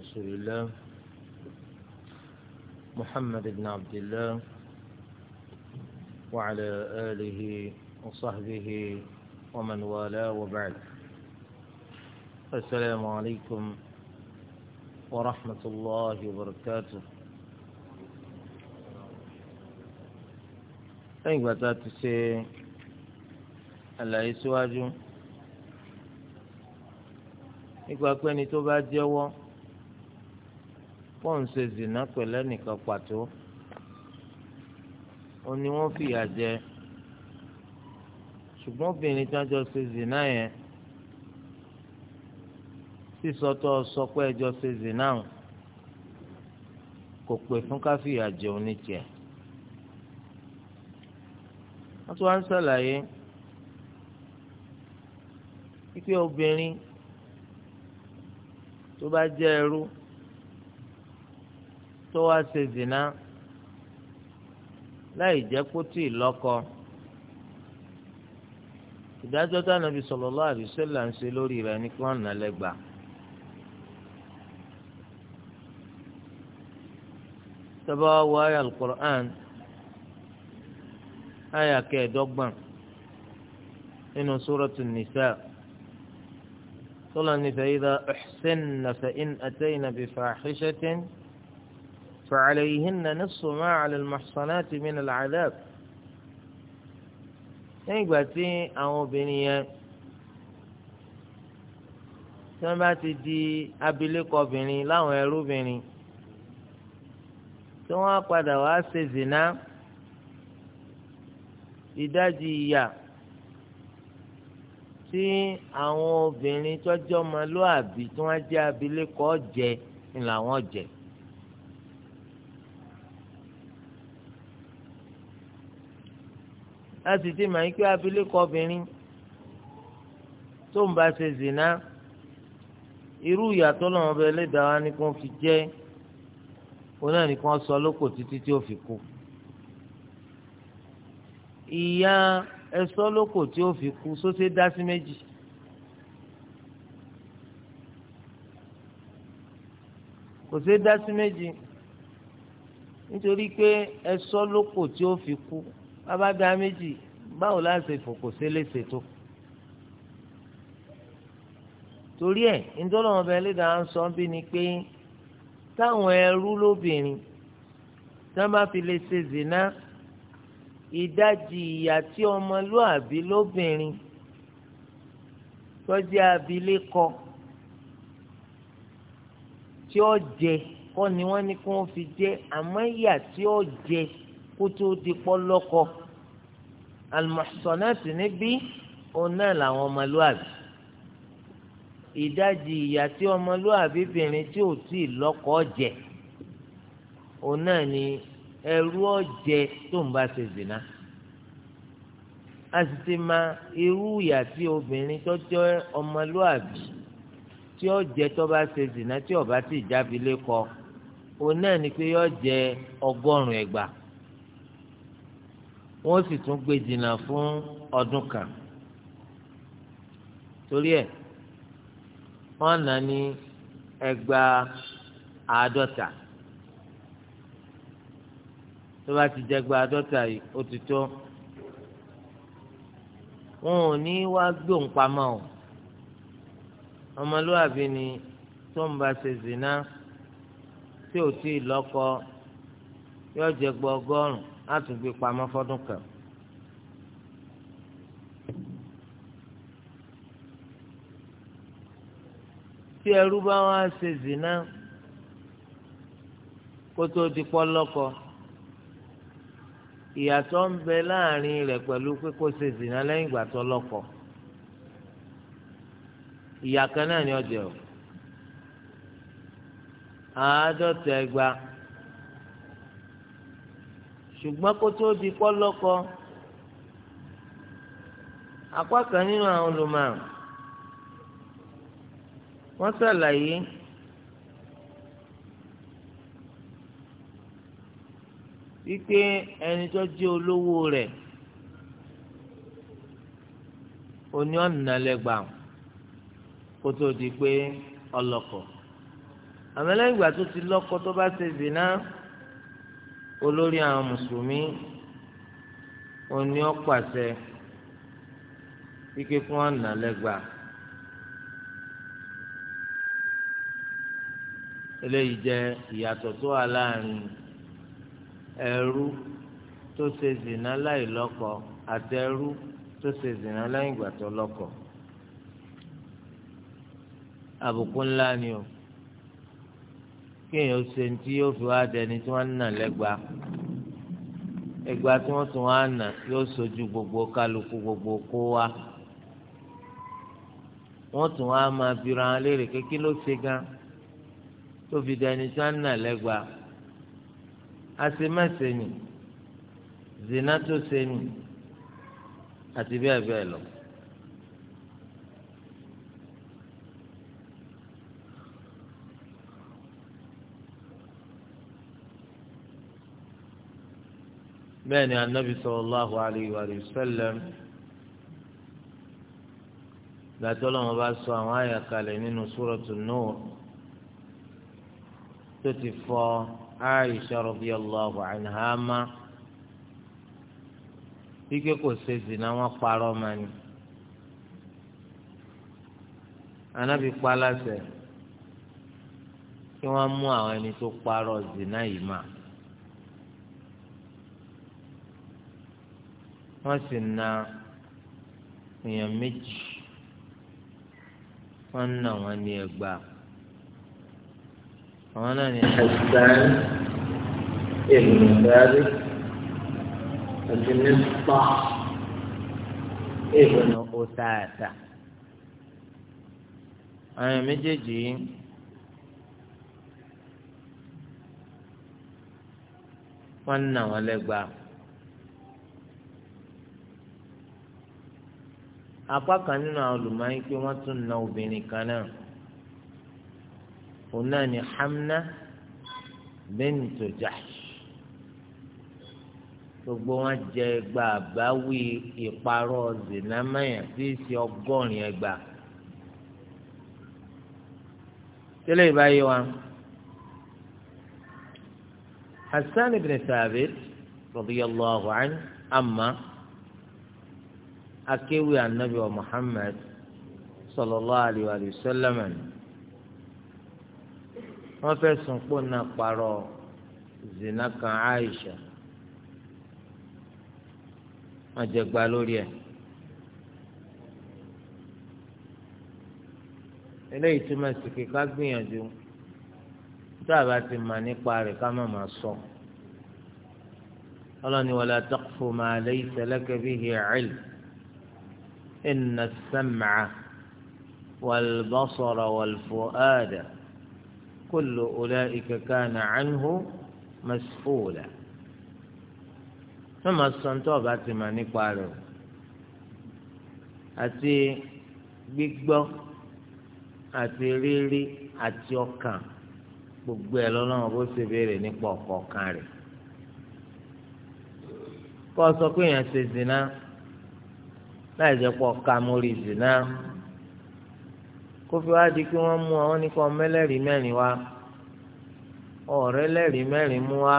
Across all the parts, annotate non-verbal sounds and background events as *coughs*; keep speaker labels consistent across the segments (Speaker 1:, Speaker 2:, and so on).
Speaker 1: رسول الله محمد بن عبد الله وعلى آله وصحبه ومن والاه وبعد السلام عليكم ورحمة الله وبركاته lẹ́yìn ìgbà tá a ti ṣe àlàyé síwájú nípa pé ẹni tó bá jẹ́wọ́ pọ̀ ń ṣe zìnà pẹ̀lú ẹnìkan pàtó ó ní wọ́n fìyà jẹ ṣùgbọ́n obìnrin tí wọ́n jọ ṣe zìnà yẹn sísọtọ sọ pé ẹjọ́ ṣe zìnà kò pè fún káfíà jẹun ní tiẹ̀ wọ́n tún wá ń ṣàlàyé wípé obìnrin tó bá jẹ́ ẹrú. tó wá ṣe zina láì jẹ́ kó tí ì lọ́kọ ìdájọ́ tí Ànábì sallallahu alaihi wasallam ń ṣe lórí rẹ̀ ní kí wọ́n nà lẹ́gbàá. tọ́ba wọ ayé alukur'an ayé akẹ́ẹ̀dọ́gbọ̀n nínú sórọ́tù nìsá tọ́lá nìsá yìí dá ẹ̀ṣẹ́ nàfẹ́ in àtẹ́yìn nàbí fàáhíṣẹ́tẹ́. فعليهن نصف ما على المحصنات من العذاب nígbà tí àwọn obìnrin yẹn tí wọn bá ti di abilékọ obìnrin láwọn ẹrú obìnrin tí wọn padà wá ṣe zina ìdajì ìyà tí àwọn obìnrin tọjọ ọmọlúàbí tí wọn jẹ abilékọ jẹ ni làwọn jẹ. a sì ti mọ̀ ikú abilékọ obìnrin tó ń bá ṣe zina irú ìyàtọ̀ lọ́wọ́ bẹ lẹ́dàá wa ni kò fi jẹ́ òun náà nìkan sọ lóko títí tí ó fi kú ìyá ẹsọ lóko tí ó fi kú sóṣe dá sí méjì kò ṣe dá sí méjì nítorí pé ẹsọ lóko tí ó fi kú bàbá bí a méjì báwo la ṣe fòkò sélése tó torí ẹ̀ ńdọ́lọ́ ọba ẹlẹ́dàá ń sọ bí ni pé táwọn ẹrú lóbìnrin tá bá fi lè ṣe zina ìdajì ìyà tí ọmọlúàbí lóbìnrin tọ́jú abilékọ tí ó jẹ kọ́ ni wọ́n ní kí wọ́n fi jẹ àmọ́ ìyà tí ó jẹ kó tó di pọ́ lọ́kọ̀ọ́ almuhsanati níbí ona náà làwọn ọmọlúwàbí ìdajì ìyà tí ọmọlúwàbí bìnrin tí ò tí ì jẹ òun ni ẹrú ọ̀jẹ̀ tó ń bá ṣe zina a sì ti ma irú ìyà tí obìnrin tó jẹ́ ọmọlúwàbí tí ó tó bá ṣe zina tí ó ti jábí lé kọ òun ni pé yóò jẹ ọgọ́rùn ẹgbàá wọ́n sì tún gbé jìnnà fún ọdún kan torí ẹ̀ wọ́n nà ní ẹgbàá àádọ́ta tó bá ti jẹgba àádọ́ta yìí ó ti tó wọn ò ní wá gbóhùn pamọ́ o ọmọlúwàbí ni tó ń bá ṣe zina tí ò tí ì lọ́kọ yóò jẹgba ọgọ́rùn á tún gbé pamọ́ fọ́dún kan. tí ẹrú bá wá ṣe zina kó tó di pọ́ lọ́kọ ìyàtọ̀ ń bẹ láàrin rẹ̀ pẹ̀lú pé kó ṣe zina lẹ́yìn ìgbà tó lọ́kọ ìyà náà ni ọjọ́ àádọ́ta ẹgbàá ṣùgbọ́n kó tó di pọ́lọ́kọ apá kan nínú àwọn olùmọ̀ wọ́n ṣàlàyé wípé ẹni tó jẹ́ olówó rẹ̀ oní ọ̀nà lẹ́gbà kó tó di pé ọlọ́kọ àmọ́ lẹ́yìn ìgbà tó ti lọ́kọ tó bá ṣe zìnnà olórí àwọn mùsùlùmí oní ọ̀pàṣẹ kíkẹ́ fún ọ̀nà lẹ́gbàá. eléyìí jẹ́ ìyàtọ̀ tó wà láàrin ẹrú tó ṣe zìnà láì lọ́kọ àti ẹrú tó ṣe zìnà lẹ́yìn ìgbà tó lọ́kọ. àbùkù ńlá ni o kéèyàn ṣe ní tí yóò fi wá dẹni tí wọ́n ń nà lẹ́gba ẹgba tí wọ́n tún wá nà yóò sojú gbogbo kálukú gbogbo kó wa wọ́n tún wá máa bira wọn léèrè kékeré ló ṣe gan tó fi dẹni tí wọ́n ń nà lẹ́gba àṣemẹ́sẹ̀ ni zina tó ṣe ni àti bẹ́ẹ̀ bẹ́ẹ̀ lọ. bẹ́ẹ̀ ni anabi sallallahu alayhi wa sallam gbàtọ́ lọ́wọ́ bá sọ àwọn àyà kalẹ̀ nínú súrọ̀tù Nur tó ti fọ Aisha radiyallahu anha má wípé kò ṣe zina wọn parọ́ ma ni anabi kpalasẹ̀ kí wọ́n mú àwọn ẹni tó parọ́ zina yìí máa. wọ́n sì na èèyàn méjì wọ́n na wọn ní ẹgbàá àwọn náà ní. ẹ̀sán ìlúmọ̀dárí àti nípa ìbùnà òtààtà àwọn méjèèjì yìí. wọ́n lẹ́gbàá. apá kan nínú àwọn olùmọ̀ọ́yìn pé wọ́n tún na obìnrin kan náà òun náà ni Hamna bintu Jahsh gbogbo wọn jẹ ẹgbà àbáwí ìparọ́ zinamaya tí í ṣe ọgọ́rin ẹgbà tẹ́lẹ̀ ìbáyé wa Hassan ibn Thabit radiyallahu anhu amma. akéwì anabi wa muhammed sallallahu alayhi wa sallam wọ́n fẹ̀sùn pò náà parọ́ zina kan aisha wọ́n jẹ gba lórí ẹ̀. eléyìí túmọ̀ sí pé ma gbìyànjú tá a bá ti mà nípa rẹ̀ ká má má sọ. ọlọ́ni wala taqfu إن السمع والبصر والفؤاد كل أولئك كان عنه مسؤولا ثم السنتوب أتما نقاله أتي gbígbọ́ àti rírí àti ọkàn gbogbo ẹ̀ lọ́nà bó ṣe béèrè nípa ọ̀kọ̀ọ̀kan rẹ̀ kọ́ sọ pé èèyàn ṣe zina láì jẹ́ pọ̀ ká mórí zina fi di kí wọ́n mú àwọn nípa mẹ́lẹ́rìí mẹ́rin wa ọ̀rẹ́ lẹ́rìí mẹ́rin mú wá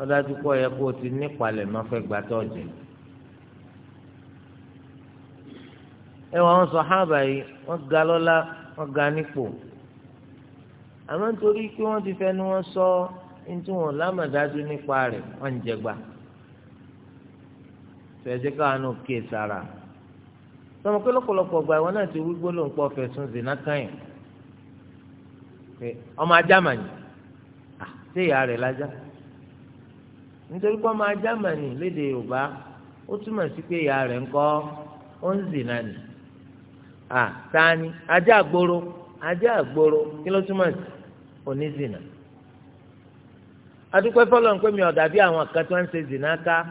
Speaker 1: ọdájú pọ̀ yẹ kó o ti nípalẹ̀ má fẹ́ ẹ wọ́n sọ hábà yìí wọ́n ga wọ́n ga nípò àmọ́ nítorí ti wọn sọ ní tí wọ́n lámàdájú nípa rẹ̀ wọ́n ẹ jẹ́ káwọn náà sára sọmọ pé lọ́pọ̀lọpọ̀ gba ìwọ náà ti wí gbólóhùn pọ̀ fẹ̀sùn zina káyìn ọmọ ajá màní ìyá rẹ̀ lájá nítorí pé ọmọ otu léde Yorùbá ó túmọ̀ sí pé ìyá rẹ̀ ń kọ́ ó ń zina nì à tani ajá àgboro ajá àgboro kí ló túmọ̀ sí adúpẹ́ fọlọ́n pé mi dàbí àwọn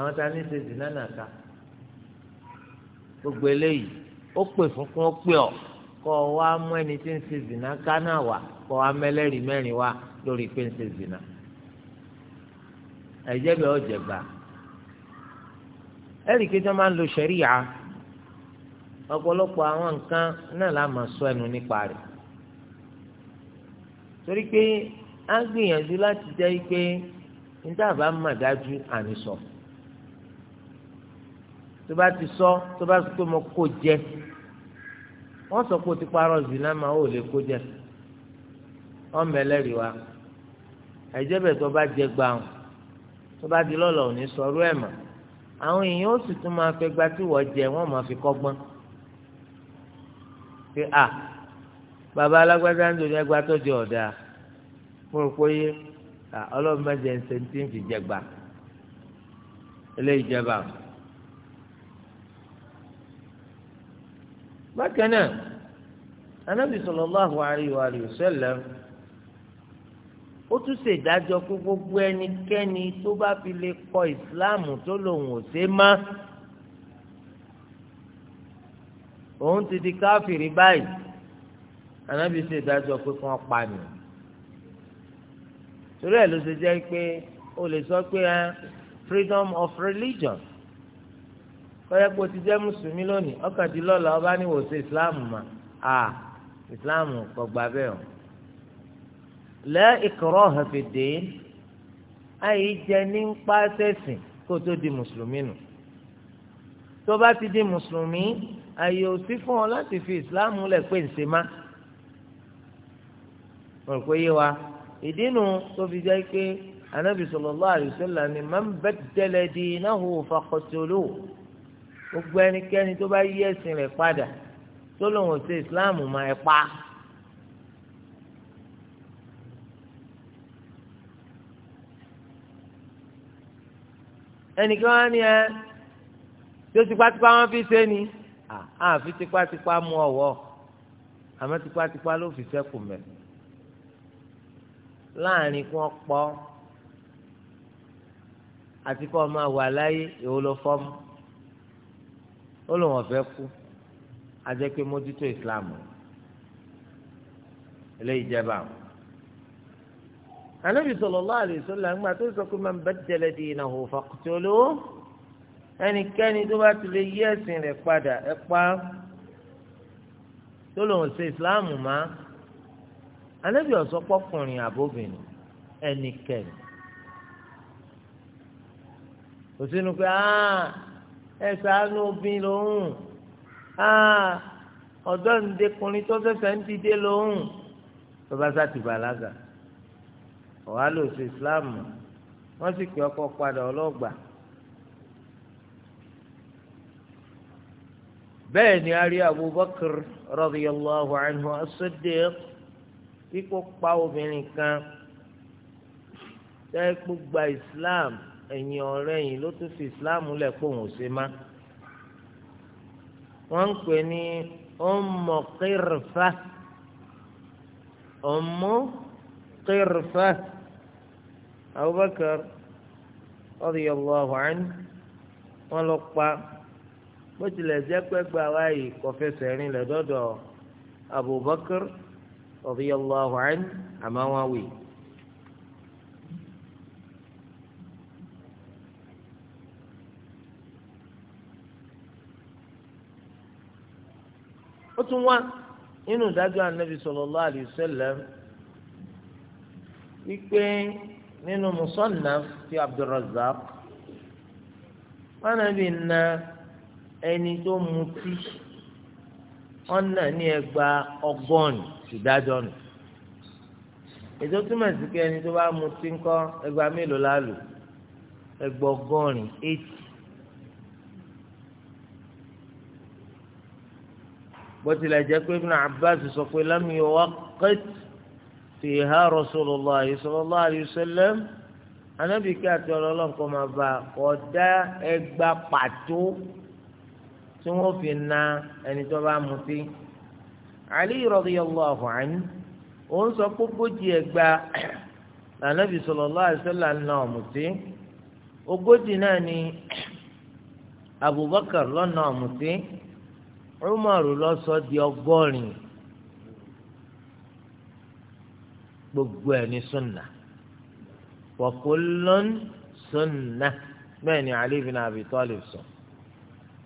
Speaker 1: àwọn tá a ní ṣe zìnnà nàka gbogbo eléyìí ó pè fún kún ó pè ọ kọ wá mú ẹni tí ń ṣe kọ wá mẹlẹ́rìí mẹ́rin wá lórí pé ń ṣe zìnnà ẹ̀jẹ̀ bẹ́ẹ̀ ọ̀jẹ̀ gbà ẹ̀rì kejì máa ń lo ṣẹ̀ríyà ọ̀pọ̀lọpọ̀ àwọn nǹkan náà la máa sọ ẹnu nípa rẹ̀ torí pé gbìyànjú láti jẹ́ pé tó bá ti sọ tó bá sọ pé mo kó jẹ wọ́n sọ pé o ti parọ́ zina máa ò lè kó jẹ ọmọ ẹlẹ́rìí wa àìjẹ́bẹ̀ tó bá jẹ gbàùn tó bá di lọ́lọ́ òní sọ̀rọ̀ ẹ̀ mọ̀ àwọn èèyàn ó sì tún máa fẹ́ gba tí wọ́n jẹ wọ́n máa fi kọ́gbọ́n pé à bàbá alágbádá ń dòní ẹgbàá tó jẹ ọ̀dà mo rò pé ọlọ́run bá jẹ ń ń tí ń fi jẹ gbà eléyìí jẹ báwọn. bákan náà anabi sallallahu alayhi wa sallam ó tún ṣe ìdájọ́ pé gbogbo ẹnikẹ́ni tó bá fi lè kọ ìsìláàmù tó lòun ò ṣe má òun ti di káfìrí báyìí anabi ṣe ìdájọ́ pé kí wọ́n pa nù torí ẹ̀ ló ṣe jẹ́ pé o lè sọ pé eh, freedom of religion lọ́yẹ́ pé o ti jẹ́ mùsùlùmí lónìí ọkàndínlọ́la ọba ní wòsàn ìsìláàmù mà á ìsìláàmù kò gbà bẹ́ẹ̀ o. la ikraha fi ddin àyè jẹ ní pa sẹ́sìn kó tó di mùsùlùmí nù. tó bá ti di mùsùlùmí àyè ò sí fún ọ láti fi ìsìláàmù lẹ̀ pé ǹṣe má. mo rò pé yé wa ìdí nu tó fi jẹ́ pé anabi sallallahu alaihi wasallam ni man baddala dinahu faqtuluhu gbogbo ẹnikẹ́ni tó bá yí ẹ̀sìn rẹ̀ padà tó lòun ò ṣe ìsìláàmù máa ẹ pa. ẹnìkan wá ní ẹ tí ó tipátipá wọn fi ṣe ni àfi tipátipá mú ọwọ́ àmọ́ tipátipá ló fi ṣẹ́kù mẹ́ láàrin kí wọ́n pọ̀ àti kí wọ́n máa wà láyé èwo ló fọ́ mu ó lóun ọ̀fẹ́ kú ajẹ́ pé mójútó islam eléyìí jẹba àwọn. anabi sallallahu alaihi wasallam ńgbà tó sọ pé man baddala dinahu faqtuluhu ẹnikẹ́ni tó bá ti lè yí ẹ̀sìn rẹ̀ padà ẹ pa tó lóun ṣe islam má anabi ọ̀sọ́ àbóbìnrin ẹnikẹ́ni kò pé áá ẹ ṣàánú obìn lòun ah, ọ̀dọ́ ǹdẹkùnrin tó fẹ́fẹ́ ń dìde lòun tó bá sá ti bàlágà ọ̀há lò sí islam wọ́n sì pé ọkọ padà ọlọ́gbà. bẹ́ẹ̀ ni a rí abubakar radiyallahu anhu as-siddiq kíkó pa obìnrin kan tẹ́ gbogbo islam ẹ̀yìn ọ̀rẹ́ yìí ló tún fi islam lẹ̀ pé òun ò ṣe má wọ́n ń pè ní ọmọ kírfà ọmọ kírfà abubakar radiyallahu anhu wọ́n lọ pa bó tilẹ̀ jẹ́ pé gba wáyé kọfẹsẹ̀ rìn lẹ́dọ̀dọ̀ abubakar radiyallahu anhu àmọ́ wọn wì í. tún wá nínú ìdájọ́ anabi sallallahu alayhi wa sallam wípé nínú musannaf ti abdulrazak anabi na ẹni tó mutí ọ̀nà ní ẹgba ọgọ́rùn ìdájọ́ nù ètò túmọ̀ sí pé ẹni tó bá mutí ńkọ́ ẹgba mélòó lálù ẹgbọ̀gọ́rin eighty bó tilẹ̀ jẹ́ pé ibn abbas sọ pé lam yuwaqqit fiha rasulullah sallallahu alayhi wa sallam anabi kí àti ọlọ́run kọ́ máa bá ọ̀dá ẹgbà pàtó tí wọ́n fi na ẹni tó bá mutí. Ali radiyallahu anhu òun sọ pé ogójì ẹgbà *coughs* anabi sallallahu alayhi wa sallam na ogójì náà ni *coughs* abubakar lọ́nà ọ̀mùtí. Umaru ló sọ di ọgọ́rin gbogbo ẹ̀ sunna wa sunna bẹ́ẹ̀ ni Ali bin Abi Talib sọ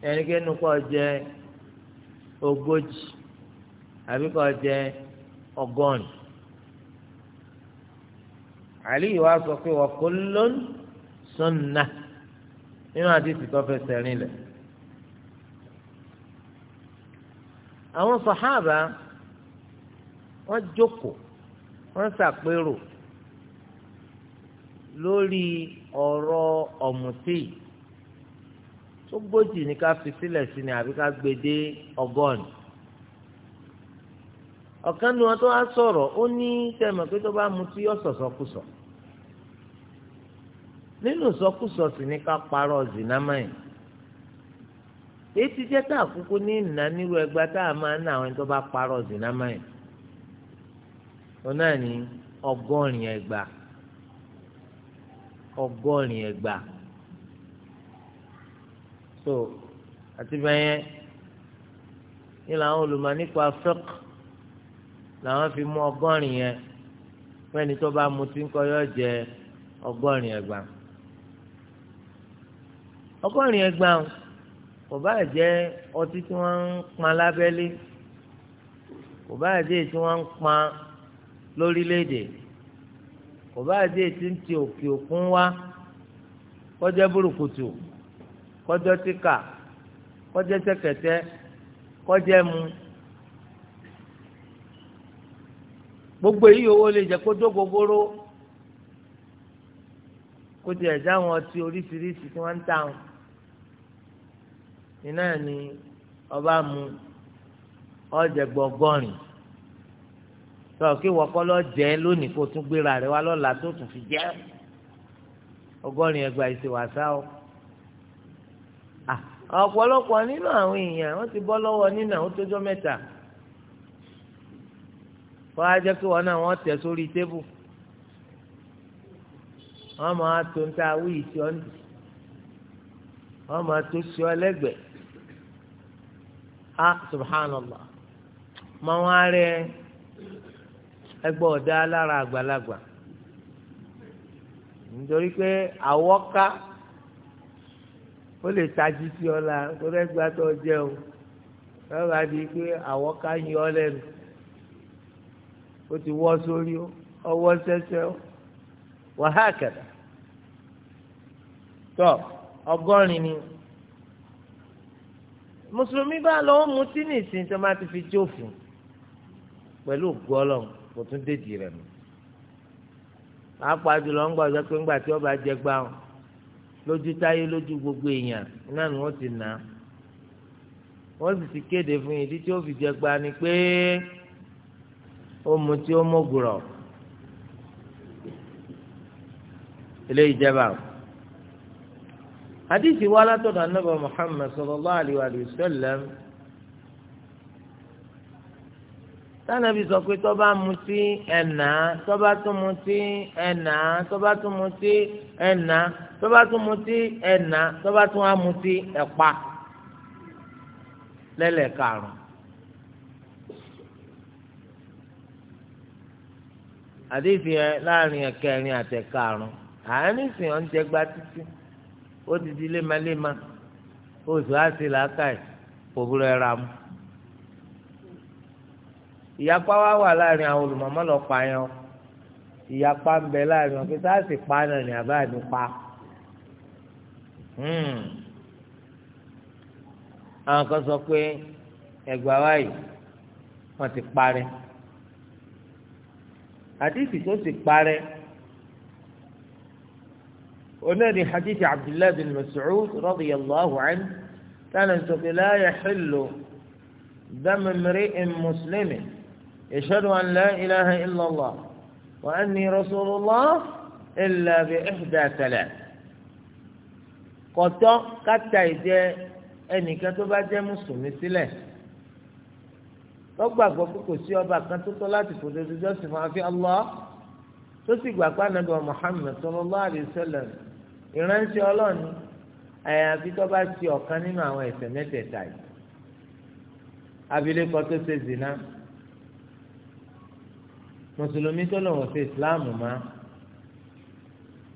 Speaker 1: ẹnikẹ́ni kọ́ jẹ́ ogójì àbí kọ́ jẹ́ ọgọ́rin Ali wa sọ pé wa sunna nínú àwọn sàhábà wọ́n jókòó wọ́n ṣàpérò lórí ọ̀rọ̀ ọ̀mùtí ogójì ni ká fi sílẹ̀ sí ni àbí ká gbé dé ọgọ́rin ọ̀kan nu wọn tó wá sọ̀rọ̀ ó ní tẹ̀mọ̀ pé tó bá mutí yọ nínú sọ̀kùsọ̀ sì ni ká parọ́ zinamáyìn èyí ti jẹ́ tá àkókò ní ìná nílùú ẹgbà tá a máa ń ná àwọn ẹni tó bá parọ́ zina máyì ọ̀nà ní ọgọ́rin ẹgbà ọgọ́rin ẹgbà so àti bẹ́yẹn ní làwọn olùmọ̀ nípa fẹ́k làwọn fi mú ọgọ́rin yẹn fẹ́ni tó bá mutí ńkọ́ yọ jẹ ọgọ́rin ẹgbà ọgọ́rin ẹgbà kò bá jẹ́ ọtí tí wọ́n ń pọn lábẹ́lé kò bá jẹ́ tí wọ́n ń pọn lórílẹ̀‐èdè kò bá jẹ́ tí ń ti òkè òkun wá kọjá burúkutu kọjá tíkà kọjá ṣẹ̀kẹ̀tẹ̀ kọjá mu gbogbo èyí owó lè jẹ́ kó tó gogoro kó tiẹ̀ dáhùn ọtí oríṣiríṣi tí wọ́n ń tà wọn iná ni ọba mu ọjẹ gbọgọrin tọ kí wọkọ lọ jẹ lónìí kó tún gbéra rẹ wá lọ́la tó tún fi jẹ ọgọ́rin ẹgbàá ìṣèwàsá o ọ̀pọ̀lọpọ̀ nínú àwọn èèyàn wọ́n ti bọ́ lọ́wọ́ nínú àwọn tójọ́ mẹ́ta wọ́n á jẹ́ kí wọ́n náà wọ́n tẹ̀ sórí tébù wọ́n máa tó ń ta awí ìṣọ́ nì wọ́n máa tó ṣọ́ ẹlẹ́gbẹ̀ẹ́ a subhanallah mọ wọn rẹ ẹgbẹ ọdá lára àgbàlagbà nítorí pé àwọká ó lè tají sí ọ la jẹ o di pé àwọká yín ọ lẹ́nu ó ti wọ́ sórí ó ọwọ́ sẹ́sẹ́ ó wàhálà kẹ̀dà mùsùlùmí bá lọ ó mutí ní ìsìn tó máa ti fi jófin pẹ̀lú òkú ọlọ́run kò tún déjì rẹ̀ mọ́ pàápàá jùlọ ńgbà ọjọ́ pé ńgbà tí ọba jẹ gbà wọn lójú táyé lójú gbogbo èèyàn náà ni wọ́n ti nà á wọ́n sì ti kéde fún yìí tí ó fi jẹ gbà ni pé ó mutí ó mọ̀gùrọ̀ ilé ìjẹba o hadisi wa látọ̀dọ̀ anábà muhammed sallallahu alayhi wa sallam tánàbí sọ pé tọ́ba mutí ẹ̀nà tọ́ba tún mutí ẹ̀nà tọ́ba tún mutí ẹ̀nà tọ́ba tún mutí ẹ̀nà tọ́ba tún wá mutí ẹ̀pa lẹ́lẹ̀karùn. àdéhìí láàrin ẹ̀kẹrin àtẹ̀karùn àárín sì ń jẹgba títí ó ti di lémaléma oṣù àti làákàyè òwúrọ̀ ẹ̀ra mu. ìyapa wa wà láàrin àwọn olùmọ̀mọ́ lọ pa yẹn o ìyapa ń bẹ láàrin wọn pé sáà sì pa náà ní àbá ní pa. Hmm. àwọn kan sọ pé ẹgbàá wáyé wọn ti parẹ́ àdìsí tó ti parẹ́ onáni hadithi abdullahi bin mas'ud radiyallahu anhu tánà sọ̀kè la yahillu damu mri'in muslimin yashhadu an la ilaha illallah wa anni rasulullah illa bi ihda thalath kọtọ kata ìjẹ ẹnìkan tó bá jẹ́ mùsùlùmí sílẹ̀ lọ́gbàgbọ́ pé kò sí ọba kan tó tọ́ láti fòdò ìjọsìn fún afi Allah tó sì gbà pé anabi Muhammad sallallahu alaihi wasallam ìránṣẹ́ Ọlọ́run ni àyàfi tó bá ti ọ̀kan nínú àwọn ẹ̀ṣẹ̀ mẹ́tẹ̀ẹ̀ta yìí abilékọ tó ṣe zina mùsùlùmí tó lòun ṣe ìsìláàmù má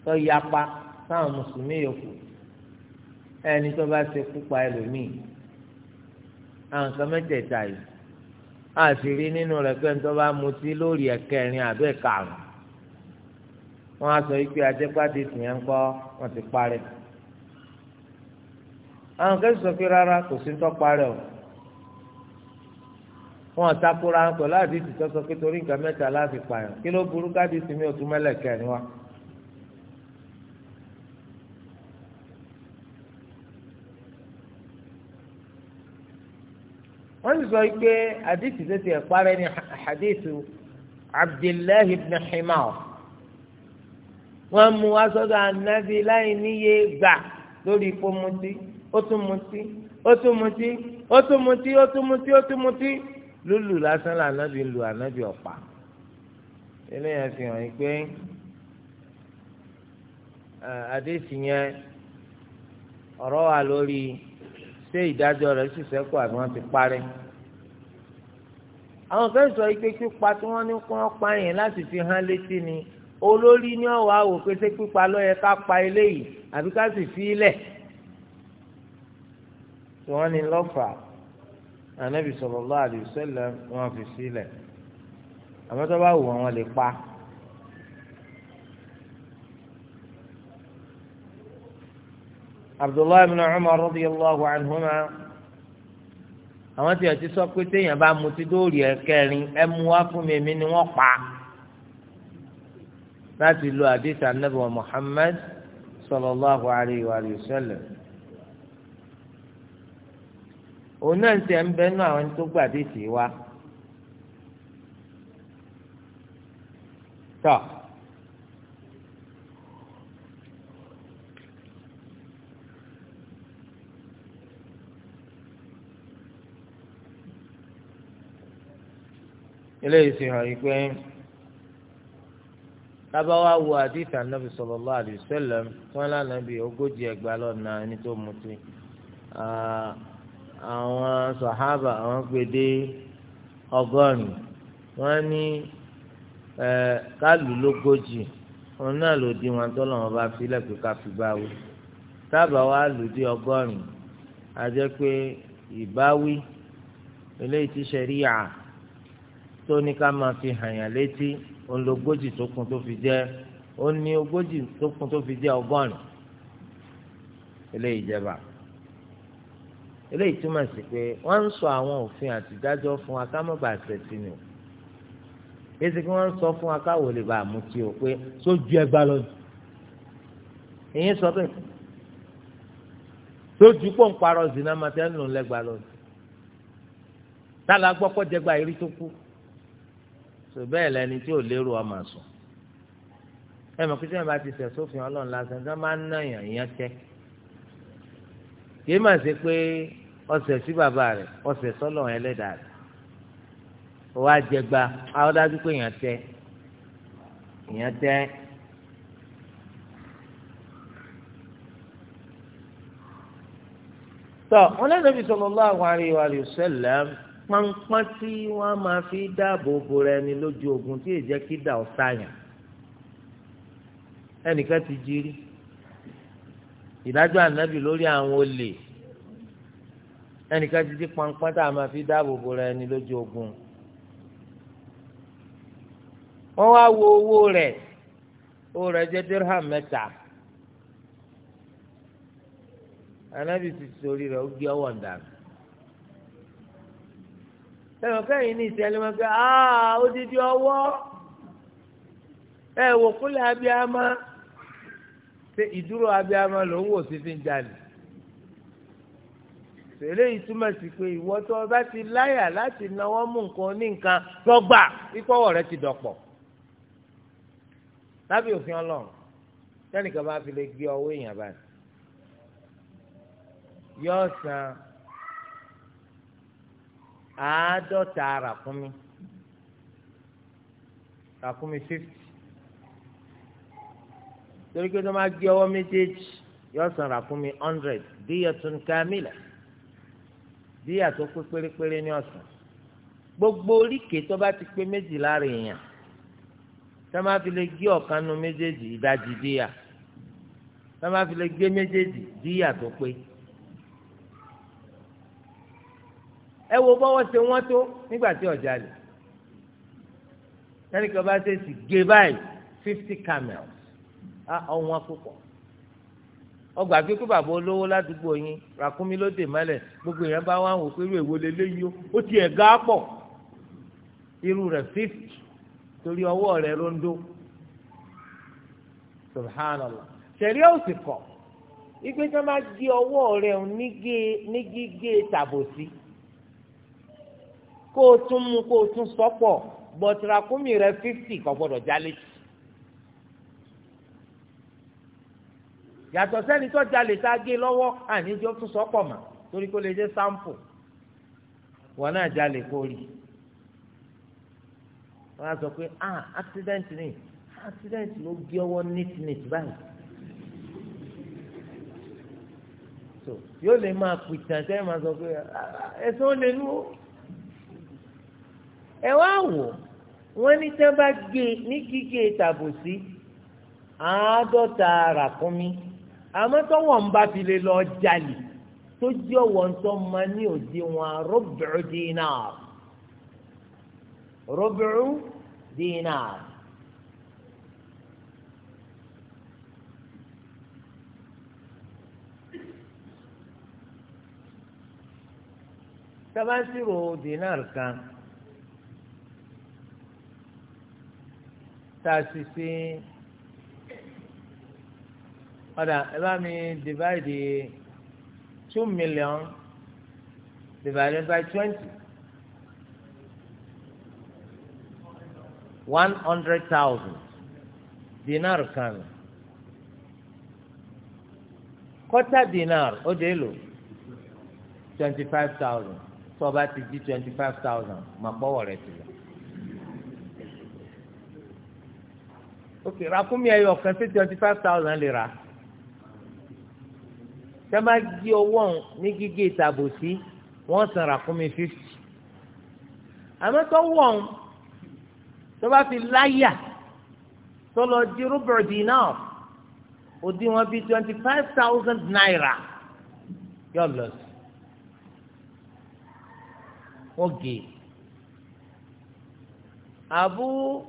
Speaker 1: tó yapa sáwọn mùsùlùmí yòókù ẹni tó bá ṣe kúpa ẹlòmíì àwọn kan mẹ́tẹ̀ẹ̀ta yìí àṣírí nínú rẹ̀ pé ní tó bá mutí lórí ẹ̀kẹrin àbẹ́ẹ̀karùn wọ́n á sọ pé ajẹ́pàdé tìyẹn ń kọ́ wọ́n ti parẹ́ àwọn kẹ́sì sọ pé rárá kò sí ń tọ́ parẹ́ o wọn takora pẹ̀lú àdìsí sọ́sọ́ pé torí nǹkan mẹ́ta láti pààyàn kí ló burú kádìsí mi ò tún mẹ́lẹ̀kẹ́ ni wá. wọ́n sì sọ pé àdìsí tètè ẹ̀ ni àdìsí Abdullahi ibn Himar wọ́n mú wá sọ́dọ̀ ànábì láì níye gbà lórí ipò mutí ó tún mutí ó tún mutí ó tún mutí ó tún mutí ó tún mutí lùlù lásán là ànábì lù ànábì ọ̀pá eléyà fi hàn yín pé àdéhùn yẹn ọ̀rọ̀ wà lórí ṣé ìdájọ́ rẹ̀ sì ṣẹ́kù àbí wọ́n ti parí àwọn kan sọ pé pípa tí wọ́n ní kí wọ́n pa yẹn láti fi hàn létí ni olórí ní ọwọ́ àwò pété pípa lọ́yẹ ká pa eléyìí àbí ká sì fi ilẹ̀ tí wọ́n ní lọ́fà ànábì sallallahu alaihi wasallam wọ́n fi sílẹ̀ àmọ́ tó bá wù wọ́n lè pa. Abdullahi ibn Umar radiyallahu anhuma àwọn tí wọ́n ti sọ pé téèyàn bá mutí dóòrì ẹ̀kẹrin ẹ̀ mú wá fún mi èmi ni wọ́n pa láti lo àdìsí ànábì wa Muhammad sallallahu alayhi wa sallam. òun náà ń tẹ̀ ń bẹ́nu àwọn tó gbà àdìsí wa. tọ́ eléyìí sì hàn yí pé tábà wá wo àdìsí ànábì sallallahu alaihi wasallam fún ànábì ogójì ẹgbàá lọ́nà ẹni tó mutí àwọn sàhábà àwọn gbèdé ọgọ́rin wọ́n ní kálù lógójì òun náà ló di wọn tó lọ́wọ́ bá filẹ̀ pé ká fi báwí tábà wá lù dé ọgọ́rin a pé ìbáwí eléyìí ti ṣẹ̀ríyà tó ní ká máa fi hàn yàn létí òun lo ogójì tó kún tó fi jẹ́ ó ní ogójì tó kún tó fi jẹ́ ọgọ́rin eléyìí jẹba eléyìí túmọ̀ sí pé wọ́n ń sọ àwọn òfin àtidájọ́ fún wa ká má bàa ṣẹ̀sì ni o èsì kí wọ́n ń sọ fún wa káwò lè bàa mú tí o pé sójú ẹgbàá lọ èyí sọ bẹ́ẹ̀ sójú pọ̀ ń parọ́ zina ń lò ń lẹ́gbàá lọ tá a la sọ bẹ́ẹ̀ lẹni tí ò lérò ọmọ sùn ẹ mọ̀ pété bá ti tẹ̀ sófin ọlọ́run lásán tó máa ń nàyàn ìyẹn tẹ́ kìí mà ṣe pé ọsẹ̀ sí bàbá rẹ̀ ọsẹ̀ sọ́lọ̀ ẹlẹ́dàá rẹ̀ ó wá jẹgba àwọn dájú pé ìyẹn tẹ́ ìyẹn tẹ́. tọ́ wọn lẹ́nu bí sallallahu alaihi wa sallam pọnpọ́n tí wọ́n máa fi dáàbò bora ẹni lójú ogun tí èjẹ́ kí dà ọ́ sáyàn ẹnìkan ti jí rí ìdájọ́ ànábì lórí àwọn olè ẹnìkan ti di pọnpọ́n tá a máa fi dáàbò bora ẹni lójú ogun wọ́n wá wo owó rẹ̀ owó rẹ̀ jẹ́ dirham mẹ́ta ànábì ti sori rẹ̀ ó gbé ọwọ́ ǹdàmù ẹ̀rọ kẹ́yìn ní ìṣẹ̀lẹ̀ wọn pé áá odidi ọwọ́ ẹ wò kúlẹ̀ abiyamọ ṣe ìdúró abiyamọ ló ń wò sí fi ń jalè tẹ́lẹ̀ ìtumọ̀ sí pé ìwọ tó o bá ti láyà láti náwó mú nǹkan ní nǹkan tọgbà ìpọ́wọ́ rẹ ti dọ̀pọ̀ lábẹ́ òfin ọlọ́run tẹ́nìkan bá fi lè gbé ọwọ́ èèyàn báyìí yọ àádọ́ta ràkúnmí ràkúnmí fifty torí pé tó máa gé ọwọ́ méjèèjì yóò san ràkúnmí hundred díyà tún kámílà díyà tó pé pérépéré ní ọ̀sán gbogbo oríkèé tó bá ti pé méjìlá rè yàn tó máa fi lè gé ọ̀kan nu méjèèjì ìdajì díyà tó máa fi lè gé méjèèjì díyà tó pé. ẹ wo bọ́wọ́ ṣe wọ́n tó nígbà tí ọ̀jà lè sẹ́ni kan bá ṣe sì gé báyìí fifty camels ọ̀wọ́n púpọ̀ ọgbà pé kó bàbá olówó ládùúgbò yín ràkúnmí ló dè mọ́lẹ̀ gbogbo èèyàn bá wà wò pé irú èwo lè léyìí ó ó tiẹ̀ gá pọ̀ irú rẹ̀ fifty torí ọwọ́ rẹ̀ rondo subhanallah sẹ̀rí ọ̀sìn kọ̀ ìgbésẹ̀ máa di ọwọ́ rẹ̀ ní gígé tàbòsí kó o tún mú kó o tún sọ́pọ̀ bọ̀tìràkúmì rẹ fífì kò gbọ́dọ̀ jalè tì. yàtọ̀ sẹ́ni tó jalè tá a gé lọ́wọ́ àníjọ́ tún sọ́pọ̀ mà torí kó lè jẹ́ sáǹpù wọn náà jalè kó rí wọn á sọ pé ah accident ni ah, accident ló gé ọwọ́ nítìnítì báyìí so yóò lè máa pìtàn sẹ́yìn máa sọ pé ah, ẹ̀sán lè lú ó. ẹ wá wò wọ́n ní tẹ́ bá gé ní gígé tàbùsí àádọ́ta ràkúnmí àmọ́ tọ́wọ́n ń bá fi lè lọ jalè tó ní dínà dínà. dinar kan tá a sì sí ọ̀dà ẹ bá mi divide two million divided by twenty one hundred thousand dinar kan quarter dinar ó dé lò twenty five thousand tó ti di twenty five thousand màá pọ̀wọ̀ rẹ̀ sílẹ̀. ok ràkúnmí ẹyọ kan sí twenty five thousand lè rà tẹ́ bá gé owó ní gígé ìtàbòsí wọ́n san ràkúnmí fifty àmọ́ tó wọ̀n tó bá fi láyà tó lọ di rúbọ̀rù dinar òdiwọ̀n bíi twenty five thousand naira yọ lọ sí wọ́n gé abu.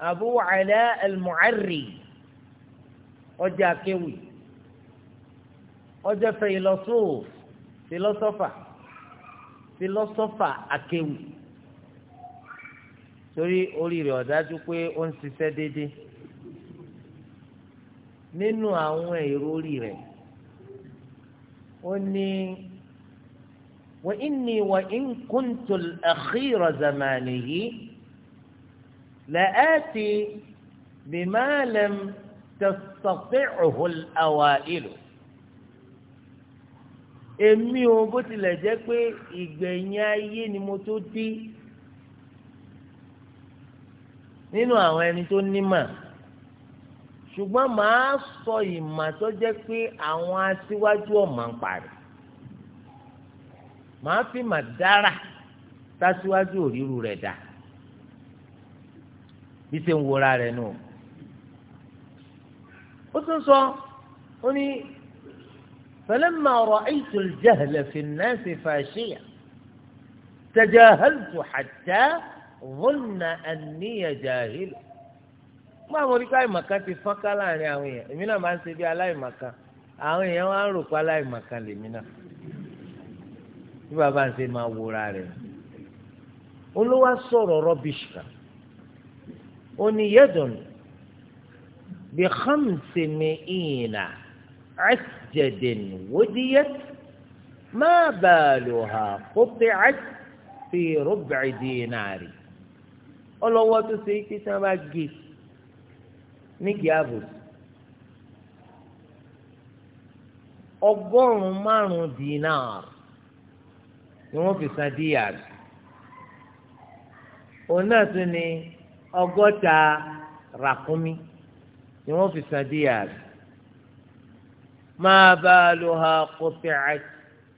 Speaker 1: abu ala al-mu'arri ọjà akéwì ọjà fẹyìlọsọf fìlọsọfà fìlọsọfà akéwì torí orí rẹ̀ ọdájú pé ó ń ṣiṣẹ́ déédéé nínú àwọn èrò orí rẹ̀ ó ní wa inni wa in kuntul akhira zamanihi. لآتي بما لم تستطعه الأوائل èmi ò bó tilẹ̀ jẹ́ pé ìgbẹ̀yìn ayé ni mo tó dé nínú àwọn ẹni tó nímọ̀ ṣùgbọ́n màá sọ ìmọ̀ tó jẹ́ pé àwọn aṣíwájú ọ̀mà ń parí màá fi mà táṣíwájú òríru rẹ̀ dáa bí ṣe ń wora rẹ̀ nù. ó tún sọ ó ní falamma ra'aytu al-jahla fi an-nasi fashiya tajahaltu hatta dhanna anni jahil mọ àwọn oríkà àìmọ̀kan ti fọ́nká láàrin àwọn èèyàn èmi náà máa ń ṣe bí aláìmọ̀kan àwọn èèyàn wá ń rò pé aláìmọ̀kan lèmi náà bí bàbá ń ṣe máa wòra rẹ̀ olówó sọ̀rọ̀ rọ́bìṣì kan oníyẹ́dùn bí xamsimi ìyìnà ẹ̀sìjẹ̀dẹ̀n wòdìyẹ́ máa bàálù ha kópe ẹ̀sì fi rúbìrì dìínàrì ọlọ́wọ́ tó ṣe kí sábà bá gé nígi àbòsí ọgọ́rùn-ún ni wọ́n fi san díyàrì òun ni ọgọ́ta ràkúnmí ni wọ́n fi san díyà rẹ̀ máa bá a lò ha kó fẹ́ẹ́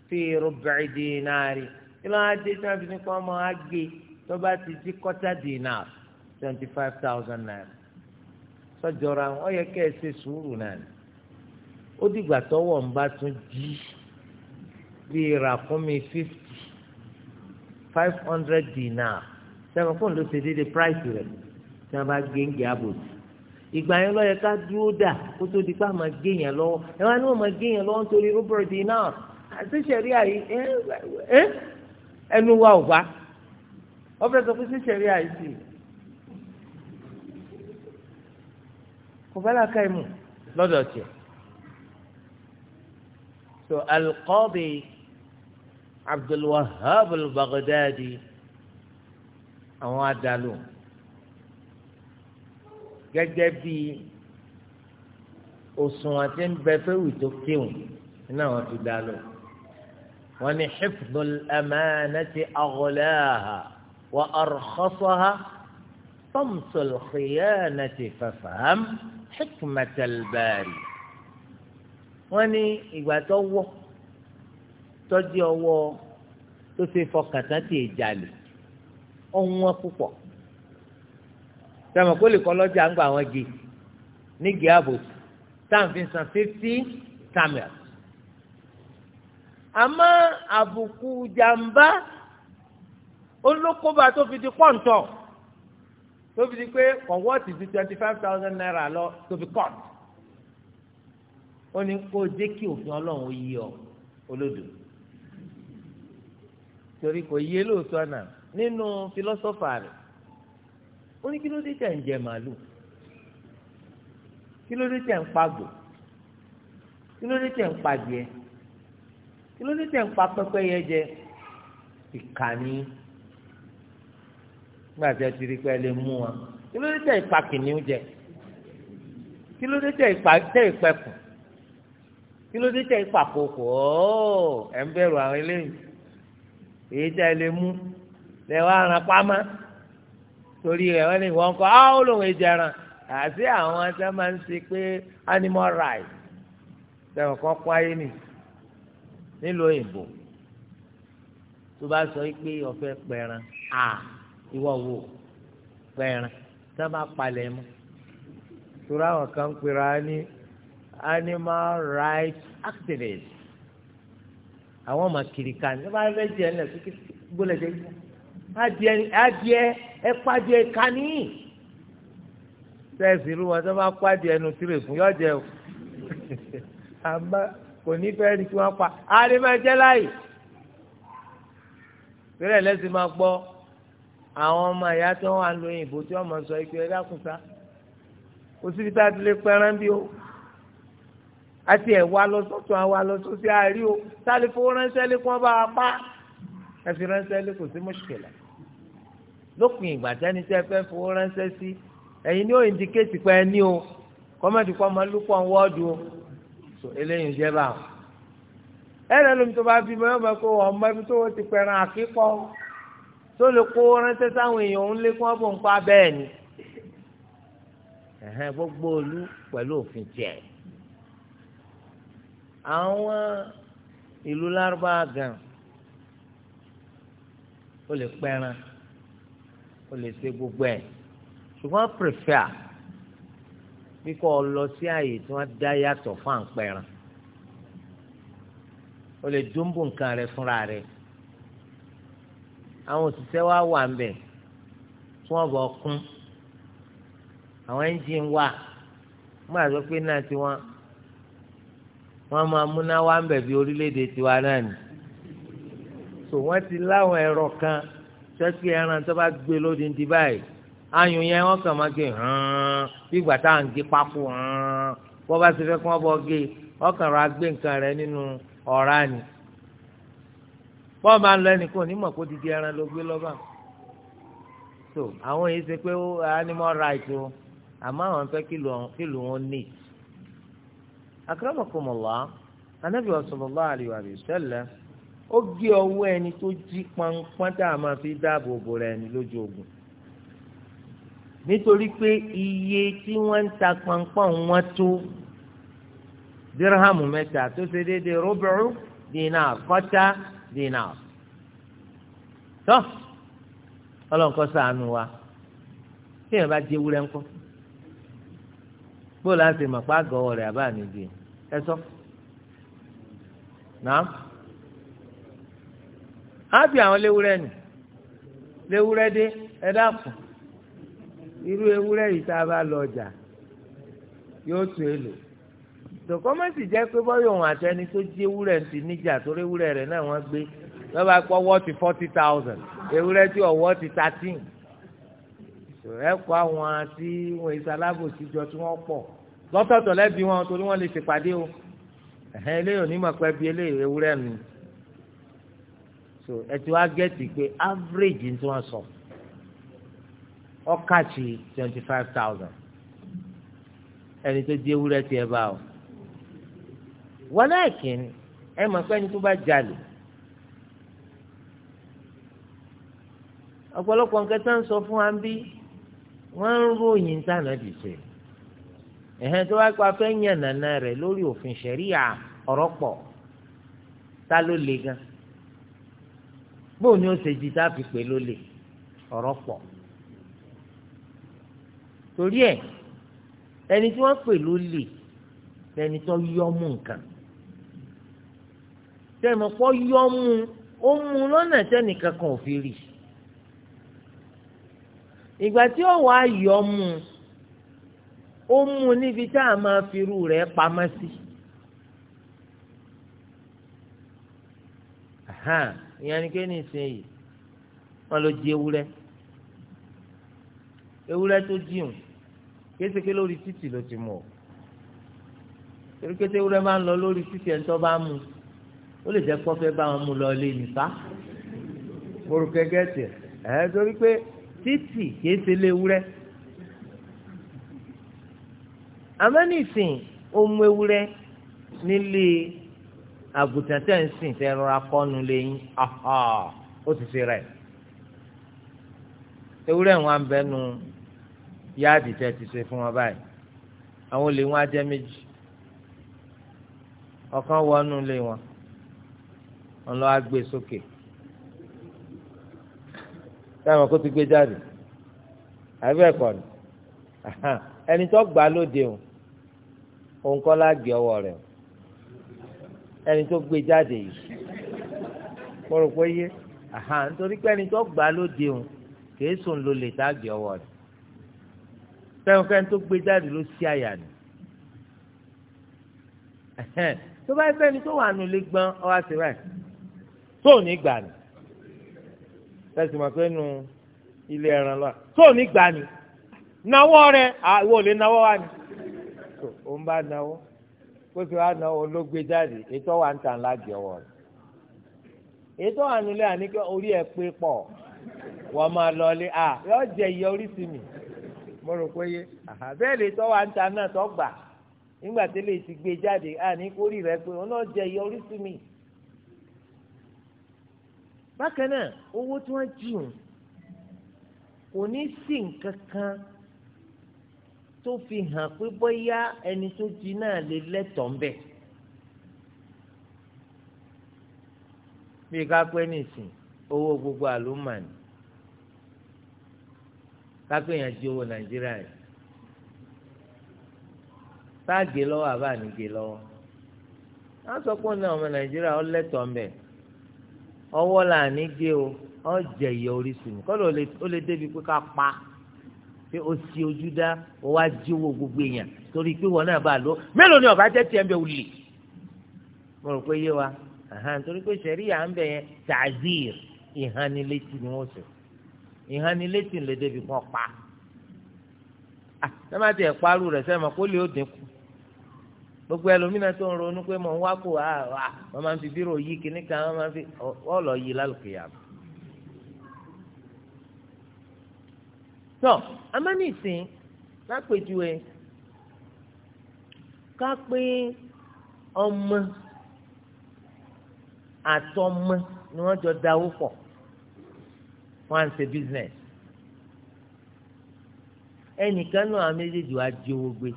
Speaker 1: fi rúbẹ̀ẹ́ dínárì kí ló ń adé fi ní kó ọmọ àgbè tó bá ti di kọ́tà dínárì twenty five thousand naira sọ́jọ́ra wọn yẹ kẹ́ ẹ ṣe sùúrù náà ó dìgbà tọ́wọ́ ń bá tún jí bíi ràkúnmí fifty five hundred dinar sẹ́wọ̀n fún ló ṣe déédéé price rẹ̀ tí wọn bá gé ń gé àbòsí ìgbà yẹn lọ́yẹ ká dúró dà kó tó di pé àmọ́ gé yẹn lọ́wọ́ ẹ wá ní wọn máa gé yẹn lọ́wọ́ nítorí Robert náà àti sẹ̀rí àyè ẹ ẹnu wa ò bá wọ́n fẹ́ sọ pé sí àyè sí kò bá làákà ẹ̀ mú lọ́dọ̀ tiẹ̀ so alqaadi Abdul al-Baghdadi àwọn adalóhùn. gẹ́gẹ́ bí òṣùwọ̀n tí ń bẹ fẹ́wì òsùn àti dá lọ. wọ́n ní hifdul amanati aghlaha wa arkhasaha tamsul khiyanati fafaham hikmatal bari. wọ́n ní ìgbà tó wọ́ tọ́jú ọwọ́ tó ṣe fọkàntán ti jalè ọ̀hún wọn púpọ̀. sẹ́mi kó lè kọ́ lọ́jà ń gba àwọn gè ní gè àbòsí táǹfin san fifty tamil. àmọ́ àbùkù jàǹbá olókóba tó fi di pọ́ǹtọ̀ tó fi di pé kọ̀wọ́ọ̀tì ju twenty five thousand naira lọ tó fi kọ́ọ̀tù. ó ní kó jẹ́ kí òfin ọlọ́run yí ọ olódò torí kò yé lóòótọ́ náà nínú fílọ́sọ́fà rẹ̀ ó ní kí ló dé tẹ̀ ń jẹ màálù kí ló dé tẹ̀ ń pàgbò kí ló dé tẹ̀ ń pàdìẹ kí ló dé tẹ̀ ń pa pẹ́pẹ́yẹ jẹ ìkànnì nígbà tí ẹ ti rí pé ẹ lè mú wọn kí ló dé tẹ̀ ìpa kìnìún jẹ kí ló dé tẹ̀ ìpa tẹ̀ ìpẹ̀kùn kí ló dé tẹ̀ ìpa kòkò ọ́ ẹ̀ ń bẹ̀rù àwọn eléyìí èyí tẹ̀ lè mú lẹ́wọ́ aràn pamọ́ torí rẹ̀ wọ́n ni wọ́n kọ́ á ó lóun ìjẹran àti àwọn ẹsẹ̀ máa ń ṣe pé animal rights sẹ́wọ̀n kan kó ayé ni nílùú òyìnbó tó bá sọ pé ọ̀fẹ́ pẹran à ìwọ wo pẹran tá a máa palẹ̀ mọ́ torí àwọn kan ń pera ní animal rights activists àwọn ọmọ kiri kan ní wọ́n bá rẹ́ jẹ́ ẹ̀ lẹ́sìn gbọ́dọ̀ jẹ́ adìẹ adìẹ ẹ̀pàdìẹ kání sẹ́ẹ̀sì irú wọn tó bá kó adìẹ nu tirè fún yọjẹ o *laughs* àmọ́ kò ní fẹ́ rí kí wọ́n pa àrí máa jẹ́ láì tẹ́lẹ̀ lẹ́sìn máa gbọ́ àwọn ọmọ ìyá tó wà ń lo òyìnbó tí wọ́n máa sọ ike ẹ̀dá kùsà kò síbi tá a ti lè pẹ́ran bí o àti ẹ̀ wá lọ sọ́tún àwa lọ sọ́tún àárí o tá a lè bá wa pa ẹ fi ránṣẹ́ lé kò sí mọṣúkẹlà lópin ìgbà tẹni tẹ fẹ́ fowó ránṣẹ́ sí ẹ̀yin ni ó indikéètì pé ẹ ní o kọmẹtì kọ máa lúpọ̀ wọ́ọ̀dù o so eléyìí jẹ́ bá wọn. ẹ lẹ́nu tó bá bí mọ́ ọmọ pé ọmọ ibi tó ti pẹ̀ràn àkíkọ́ tó lè kó ránṣẹ́ sáwọn èèyàn òun lé kí wọ́n bò ń pa bẹ́ẹ̀ ni. ẹ̀hẹ́n gbogbo olú pẹ̀lú òfin jẹ́ àwọn ìlú lárúbáwá gan-an ó lè pẹran ó lè ṣe gbogbo ẹ̀ ṣùgbọ́n prefer bí kò lọ sí àyè tí wọ́n dá yàtọ̀ fún àǹpẹ̀ràn ó lè dúnbù nǹkan rẹ̀ fúnra rẹ̀ àwọn òṣìṣẹ́ wa wà ń bẹ̀ tí wọ́n bọ̀ kún àwọn ẹ́ńjìn wà má sọ pé náà tiwọn wọ́n máa múná wá ń bẹ̀ bí orílẹ̀-èdè tiwa náà ni so wọ́n ti láwọn ẹ̀rọ kan sẹ́kì ẹran tó bá gbé lóde ní báyìí ayùn yẹn kàn máa gé hàn bí ìgbà tá gé pákó hàn bọ́ bá ti fẹ́ kí wọ́n bọ́ gé ọkàn ra gbé nǹkan rẹ nínú ọ̀rá ni bọ́ọ̀ máa ń lọ ẹnì kan onímọ̀ kó ti di ẹran ló gbé lọ́ba so àwọn yìí ṣe pé animal rights o àmọ́ àwọn fẹ́ kílù wọn ní. akramakumullah Oge gé ọwọ́ ẹni tó jí pọnpọ́n tá a máa fi dáàbò bò rẹ̀ ní lójú ogun nítorí pé iye tí wọ́n ń ta pọnpọ́n wọn tó dírámù mẹ́ta tó ṣe déédéé rọ́bìrú dínà kọ́tà dínà tó ọlọ́nkọ́ si wa tí yẹn bá jẹ́ ewúrẹ́ ńkọ́ bóòlù àti rẹ̀ á bí àwọn léwúrẹ́ nì léwúrẹ́ dé ẹ dákun irú ewúrẹ́ yìí tá a bá lọ ọjà yóò tún èlò tòkọ́mọ́sì jẹ́ pé bọ́yọ̀ òun àtẹni tó jí ewúrẹ́ ti níjà torí ewúrẹ́ rẹ̀ náà wọ́n gbé lọ́ba pọ̀ wọ́ọ̀tì forty thousand ewúrẹ́ tí ọ̀wọ́ ti thirteen ẹ kọ́ àwọn tí wọ́n èsì alábòsí jọ tí wọ́n pọ̀ lọ́tọ̀ọ̀tọ̀ lẹ́bi wọn torí wọ́n lè ṣèpàdé o ẹ̀hẹ́n eléyìí onímọ̀ pẹ́ bí eléyìí ewúrẹ́ mi so ẹ ti wá pé average tí wọ́n sọ ọkàtì twenty five thousand ẹni tó di ewúrẹ́ tiẹ̀ bá o wọn náà kì í ẹ mọ̀ pé ẹni tó bá jalè ọ̀pọ̀lọpọ̀ nǹkan tó ń sọ fún wa bí wọ́n ń ròyìn tànà dì sè ẹ̀hẹ́n tó wá pa fẹ́ yàn nàna rẹ̀ lórí òfin ṣẹ̀ríà ọ̀rọ̀ pọ̀ ta ló le gan bóun ni ó ṣe jí tá a fi pè lólè ọ̀rọ̀ pọ̀ torí ẹ̀ ẹni tí wọ́n pè lólè lẹni tó yọ́mú nǹkan tẹ̀mọ̀pọ̀ yọ́mú ó mú lọ́nà tẹ́nìkan kan ò fi rí ìgbà tí ó wàá yọ́mú ó mú níbi tá a máa fi irú rẹ̀ pamọ́ sí. Aha ìyẹn ni kéènì ìsinyìí wọn lọ jí ewúrẹ́ ewúrẹ́ tó jíun kéésìké lórí títì ló ti mú ọ torí kété ewúrẹ́ máa ń lọ lórí títì ẹni tó bá mú ó lè jẹ́ kọfẹ bá wọn mú lọ lé nìfà morùkẹ gẹẹsì ẹ torí pé títì kéésì lé ewúrẹ́ àmọ́ nísìn ó mú nílé àgùntàn tẹ̀ ń sìn tẹ̀ rọra kọ́nu lẹ́yìn ó ti ṣe rẹ̀ ewúrẹ́ wọn abẹ́nu yáàdì tẹ̀ ti ṣe fún wọn báyìí àwọn olè wọn ajẹ́ méjì ọ̀kan wọnú lé wọn ọlọ́ agbè sókè táwọn kó ti gbé jáde àbí ẹ̀kọ́ ni ẹni tó gbà lóde òun kọ́ la gbé ọwọ́ rẹ̀ o ẹni tó gbé jáde yìí mo rò pé yé àhà nítorí pé ẹni tó gbà lóde òun kìí sùn ló lè dágbé ọwọ́ rẹ̀ sẹ́wọ̀n kẹ́ni tó gbé jáde ló sí àyà ni tó bá fẹ́ ni tó wà nù lé gbọ́n ọ wá sí báyìí tó ò ní gbà ni tẹ̀sí ma pé nu ilé ẹran lọ tó ní gbà ni nawọ́ rẹ̀ àwọn ò lè nawọ́ wa ni tó ò ń bá nawọ́. pósí wa náà ológbe jáde ètò wa ń tàn láti ọwọ́ rẹ̀ ètò wa nílẹ̀ àníkẹ́ orí ẹ̀ pé pọ̀ wọ́n máa lọ lé a yọ jẹ ìyẹ oríṣi mi mo rò pé yé bẹ́ẹ̀ lè tọ́ wa ń tàn náà tọ́ gbà nígbà tí lè ti gbé jáde àní pé náà jẹ ìyẹ mi bákan náà owó tí wọ́n jì kò ní sí nǹkan kan. tó fi hàn pé bóyá ẹni tó jí náà lè lẹ́tọ̀ọ́ ńbẹ̀. bí nìsín owó gbogbo àlùmọ́ọ̀nì ká yẹn owó nàìjíríà yìí sáàgé lọ́wọ́ àbá nìgé lọ́wọ́ wọ́n sọ pé ní ọmọ nàìjíríà ó lẹ́tọ̀ọ́ ńbẹ̀ ọwọ́ là ní gé o ọ jẹ̀yẹ orísun kọ́ ló lè débi pé ká pé o si ojú dá o wá gbogbo èèyàn torí pé wọn náà bá lọ mélòó ni ọba jẹ tiẹ̀ ń bẹ wuli mo rò pé yé wa nítorí pé a ń bẹ yẹn tazir ìhánilétí ni wọn sọ ìhánilétí lè débi kan pa sẹ́mi ah, àti ẹ̀páàrù rẹ̀ sẹ́mi kó lè ó dínkù gbogbo ẹlòmínà tó ń ronú pé ń wá kó ah, ah, máa ń fi bírò yí kíní kan wọ́n máa ń fi ọ̀ọ́lọ́ yí tọ́ amánìsìn lápèjúwe ká pé ọmọ àtọmọ ni wọ́n jọ dáwó pọ̀ wọ́n à ń ṣe business ẹnìkan náà àwọn méjèèjì wá jí owó gbé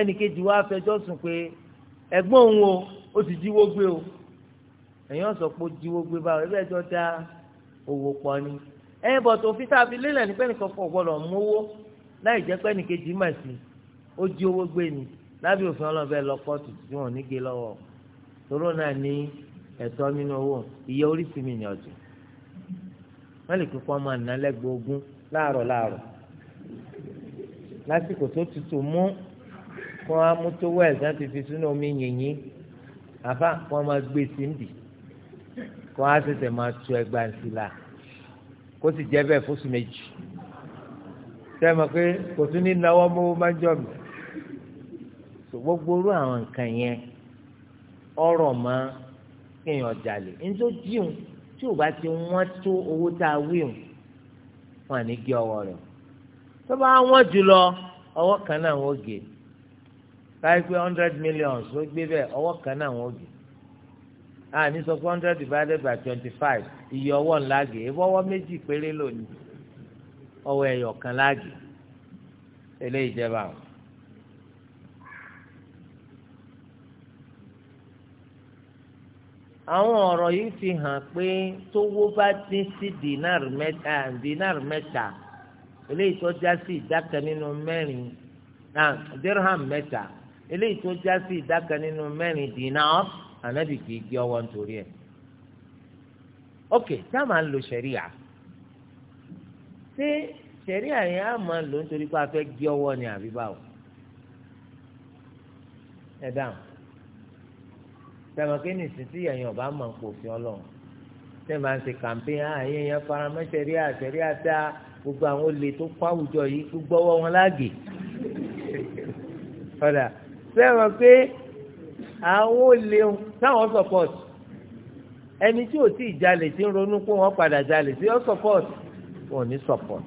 Speaker 1: ẹnìkejì wá fẹjọ́ sùn pé ẹ̀gbọ́n òun o ó ti jíwó gbé o èyàn sọ pé ó jíwó gbé báwo ẹgbẹ́ ẹjọ́ dá owó pọ̀ ni ẹ bọ̀ tó fi tá a fi lélẹ̀ ní pẹ́ẹ́nì kan fọ̀ gbọ́dọ̀ mówó láì jẹ́ pẹ́ẹ́nì kejì mà sí ó jí owó gbé ni lábẹ́ òfin ọlọ́ọ̀bẹ lọ kóòtù tí wọ́n ní gé lọ́wọ́ toró náà ní ẹ̀tọ́ nínú owó iye oríṣi mi ní ọ̀jọ̀ wọ́n lè pípọ́ máa ná lẹ́gbẹ̀ẹ́ ogún láàárọ̀ láàárọ̀ lásìkò tó tutù mú kó wọn mú tó wẹ̀ ẹ̀sán ti fi sínú omi yìnyín àfa kó wọn máa gbé síndì kó wọn á máa tu ẹgbàá sí la kó sì jẹ́ bẹ́ẹ̀ fóṣù méjì sẹ́mi pé kò tún ní náwó mówó máa ń jọ mi gbogbo orú àwọn nǹkan yẹn ọ̀rọ̀ mọ́ kéèyàn jalè níjó jíun tí ò bá ti wọ́n tó owó tá a wíwùn wọn à ní gé ọwọ́ rẹ̀ tó bá wọ́n jùlọ ọwọ́ kan náà wọ́n gé láì pé hundred millions ló gbé bẹ́ẹ̀ ọwọ́ kan náà wọ́n gé a ní sọ four hundred divided by twenty five iye ọwọ́ ńláàgé ìwọ́wọ́ méjì péré lónìí ọwọ́ ẹ̀yọ̀ kan láàgé eléyìí jẹba o. àwọn ọ̀rọ̀ yìí fi hàn pé tówó bá dín sí dinar mẹ́ta dinar mẹ́ta eléyìí tó já sí ìdá kan nínú mẹ́rin dirham mẹ́ta eléyìí tó já sí ìdá kan nínú mẹ́rin dinar ànábì kì í gbé ọwọ́ nítorí ẹ̀ ok tá a máa ń lo sẹ̀ríà ṣé sẹ̀ríà yẹn á máa lò nítorí pé a fẹ́ gbé ọwọ́ ni àbí báwo ẹ dáhùn tẹmọkẹ nìsín tí èèyàn ọba mọ nǹkan òfin Ọlọ́run tẹ máa ń ṣe kàmpéyìn ah, àyè yẹn faramọ́ sẹríà sẹríà tá gbogbo àwọn olè tó kọ àwùjọ yìí gbogbo ọwọ́ wọn láàgè *laughs* ọdà tẹmọkẹ àwọn olè ń táwọn support ẹni tí ò tí ì jalè tí ń ronú pé wọ́n padà jalè tí ó support wọn ò ní support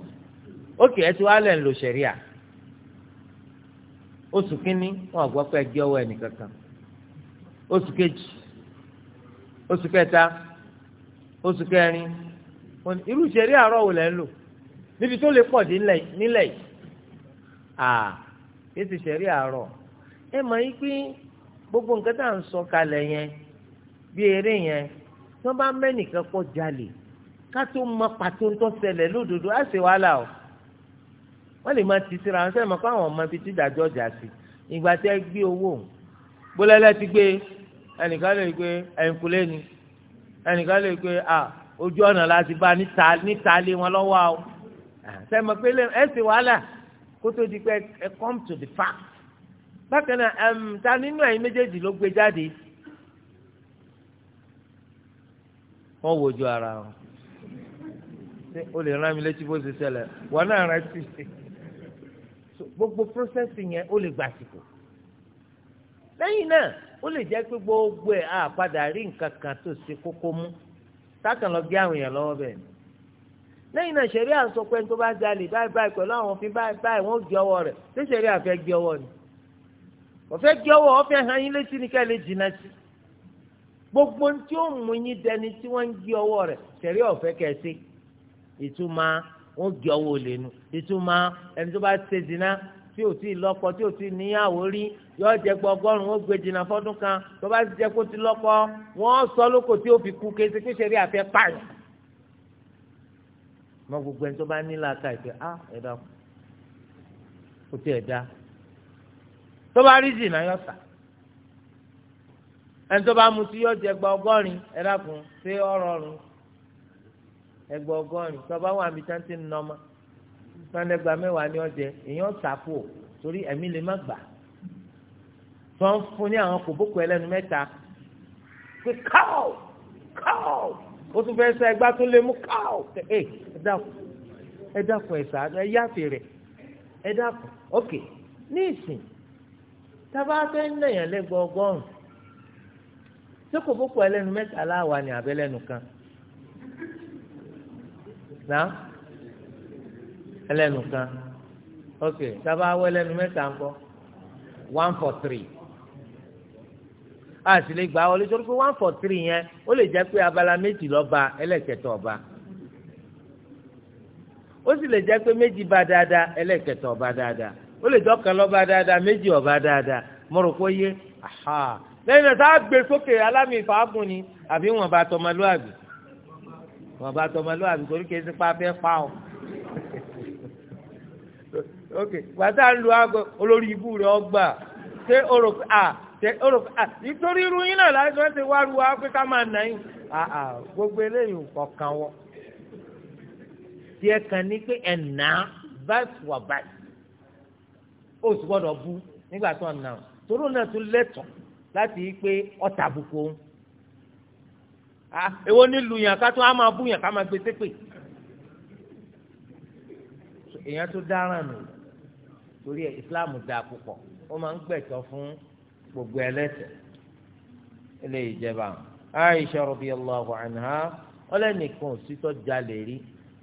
Speaker 1: ókè ẹ ti wá lẹ̀ ń lo sẹ̀ríà oṣù kínní wọn gbọ́ pé ẹgbẹ́ ọwọ́ ẹnì kankan oṣù kejì oṣù kẹta oṣù kẹrin irú sẹ̀ríà àárọ̀ wò lẹ́ ń lò níbi tó lè pọ̀ dé nílẹ̀ yìí à kí ti sẹ̀ríà àárọ̀ ẹ mọ̀ yí pé gbogbo nǹkan tá à ń sọ kalẹ̀ yẹn bí eré yẹn tí wọ́n bá mẹ́nìkan pọ̀ jalè ká tó mọ pàtó ń tọ́ ṣẹlẹ̀ lódodo á ṣe wàhálà o wọ́n lè máa ti síra wọn sẹ́yìn mọ́ àwọn ọmọ ibi tí ìdájọ́ ọjà sí ìgbà tí ẹ gbé owó gbólẹ́lẹ́ ti gbé ẹnìkan lè gbé ẹ̀ǹkulé ni ẹnìkan lè gbé à ojú ọ̀nà láti bá níta níta lé wọn lọ́wọ́ o sẹ́yìn mọ́ ẹ ṣe wàhálà kó di pé ẹ come to the fact bákan náà ẹm ta nínú ẹ̀yin méjèèjì ló gbé jáde wọ́n wojú ara wọn o lè rán mi létí bó ṣe ṣẹlẹ̀ wọn náà rántí gbogbo prọsẹsì yẹn ó lè gba àsìkò lẹ́yìn náà ó lè jẹ́ pé gbogbo ẹ̀ á padà rí nǹkan kan tó ṣe kókó mú tákàn lọ gé àwọn èèyàn lọ́wọ́ bẹ́ẹ̀ ni lẹ́yìn náà ṣẹ̀rí à bá jalè báyìí báyìí pẹ̀lú àwọn òfin báyìí báyìí wọ́n gé ọwọ́ rẹ̀ ṣé ṣẹ̀rí àfẹ́ gé ọwọ́ ni ọ̀fẹ́ gé ọwọ́ ọ̀fẹ́ hàn yín létí ni ká lè jìnnà sí gbogbo ní tí ó mú yín dẹni tí wọ́n ń gé ọwọ́ rẹ̀ tẹ̀rí ọ̀fẹ́ kẹsí ìtumá wọ́n gé ọwọ́ lẹ́nu ìtumá ẹni tó bá ṣe jìnnà tí ò tí ì lọ́kọ tí ò tí ì níyàwó rí yóò jẹ pé ọgọ́rùn ó gbé jìnnà fọ́dún kan tó bá ti jẹ kó ti lọ́kọ wọ́n sọ lóko tí ó fi kú kése kí ṣe rí àfẹ́ pààyàn. mọ gbogbo ẹni tó bá nílò aka ìfẹ́ tó bá rí zina yọ sà ẹni tó bá mutí yọ jẹ ẹgbà ọgọ́rin ẹ dákun ṣé ọrọ ọrùn ẹgbà ọgọ́rin tó bá wà níbi tí ń nọmọ sanẹgba mẹ́wàá ni ọjẹ èèyàn sàpò torí ẹ̀mí lè má gbà tó ń fún ní àwọn kòbókò ẹlẹ́nu mẹ́ta pé káò káò ó tún fẹ́ sẹ ẹgbà tó lè mú káò ẹ ẹ dákun ẹ sàá ẹ yáfẹ rẹ ẹ dákun ok ní ìsìn tábà fẹ́ ń lẹ̀yàn lẹ́gbọ̀ ọgọ́rùn tí kò bókù ẹlẹ́nu mẹ́ta láwa ni àbẹ́lẹ́nu kan nà ẹlẹ́nu kan ok tábà wọ ẹlẹ́nu mẹ́ta one for three a sì lè gbà wọlé torí pé one for three yẹn ó lè jẹ́ pé abala méjì lọ́ba ẹlẹ́kẹ̀tọ̀ ọba ó sì lè jẹ́ pé méjì bá dáadáa ẹlẹ́kẹ̀tọ̀ ọba dáadáa ó lè jọ kan lọ́ba dáadáa méjì ọ̀ba dáadáa mo rò pé yé lẹ́yìn náà tá a gbé sókè alámì ìfàágùn ni àbí wọn bá tọmọlúàbí wọn bá tọmọlúàbí torí kìí sípa fẹ́ pa ọ. *laughs* ok bàtà ń lu aago olórí ibú rẹ ọgbà ṣé o rò pé à ṣé o rò pé à nítorí irú yín náà láti wọ́n ti wá ru wa ká máa nà yín àà gbogbo eléyìí kọ̀ọ̀kan wọ. tiẹ̀ kan ní pé ẹ̀ nà báyìí wà báyìí ó sì gbọ́dọ̀ bú nígbà tó ń nà ó toró náà tún lẹ́tọ̀ọ́ láti yí pé ọ̀tà àbùkù òun èwo nílùú yàn ká tó á máa bú yàn ká máa gbé sépè èèyàn tó dáràn nù torí ẹ ìsìláàmù dáa púpọ̀ ó máa ń gbẹ̀tọ́ fún gbogbo ẹlẹ́ṣẹ̀ eléyìí jẹba Aisha radiyallahu anha ọlẹ́nìkan òsítọ́ jalè rí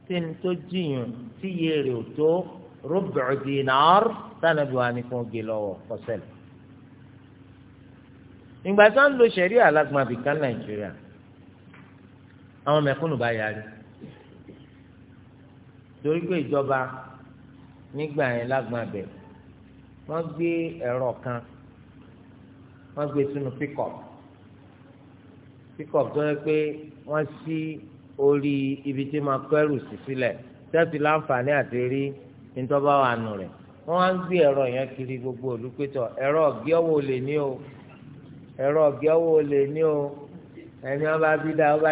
Speaker 1: tí n tó jiyàn tíye rè ò tó rúbùdù dinar sànàbí wa ni fún gé lọ́wọ́ kọ́sẹ́lẹ̀. ìgbà tí wọ́n ń lo sẹ̀ríà alágbàbí ká nàìjíríà àwọn mẹ̀kúnnù bá yarí torí pé ìjọba nígbà yẹn lágbàbẹ̀ wọ́n gbé ẹ̀rọ kan wọ́n gbé sínú pickup pickup tó yẹ pé wọ́n sí orí ibi tí máa kọ́ ẹrù sí sílẹ̀ tẹ́sí láǹfààní àti rí. nítorí wà nù rẹ wọ́n wá gbé kiri gbogbo olùpẹ̀tọ̀ ẹrọ ọ̀gí ọwọ́ ní o ẹrọ ní o ẹni ọba bí ọba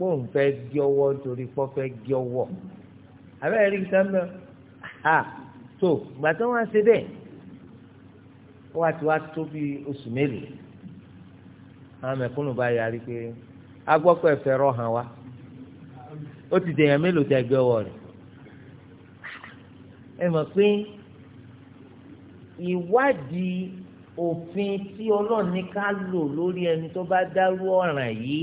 Speaker 1: o nítorí abẹ́rẹ́ rí sẹ́mbẹ́ tó bẹ́ẹ̀ ti wá tó bí oṣù mélòó àwọn mẹ̀kúnnù bá yarí pé rọ̀ hàn ó ti dèèyàn mélòó tẹ gbé ọwọ́ rẹ̀ ẹ mọ̀ pé ìwádìí òfin tí ọlọ́run ní ká lò lórí ẹni tó bá dárú ọ̀ràn yìí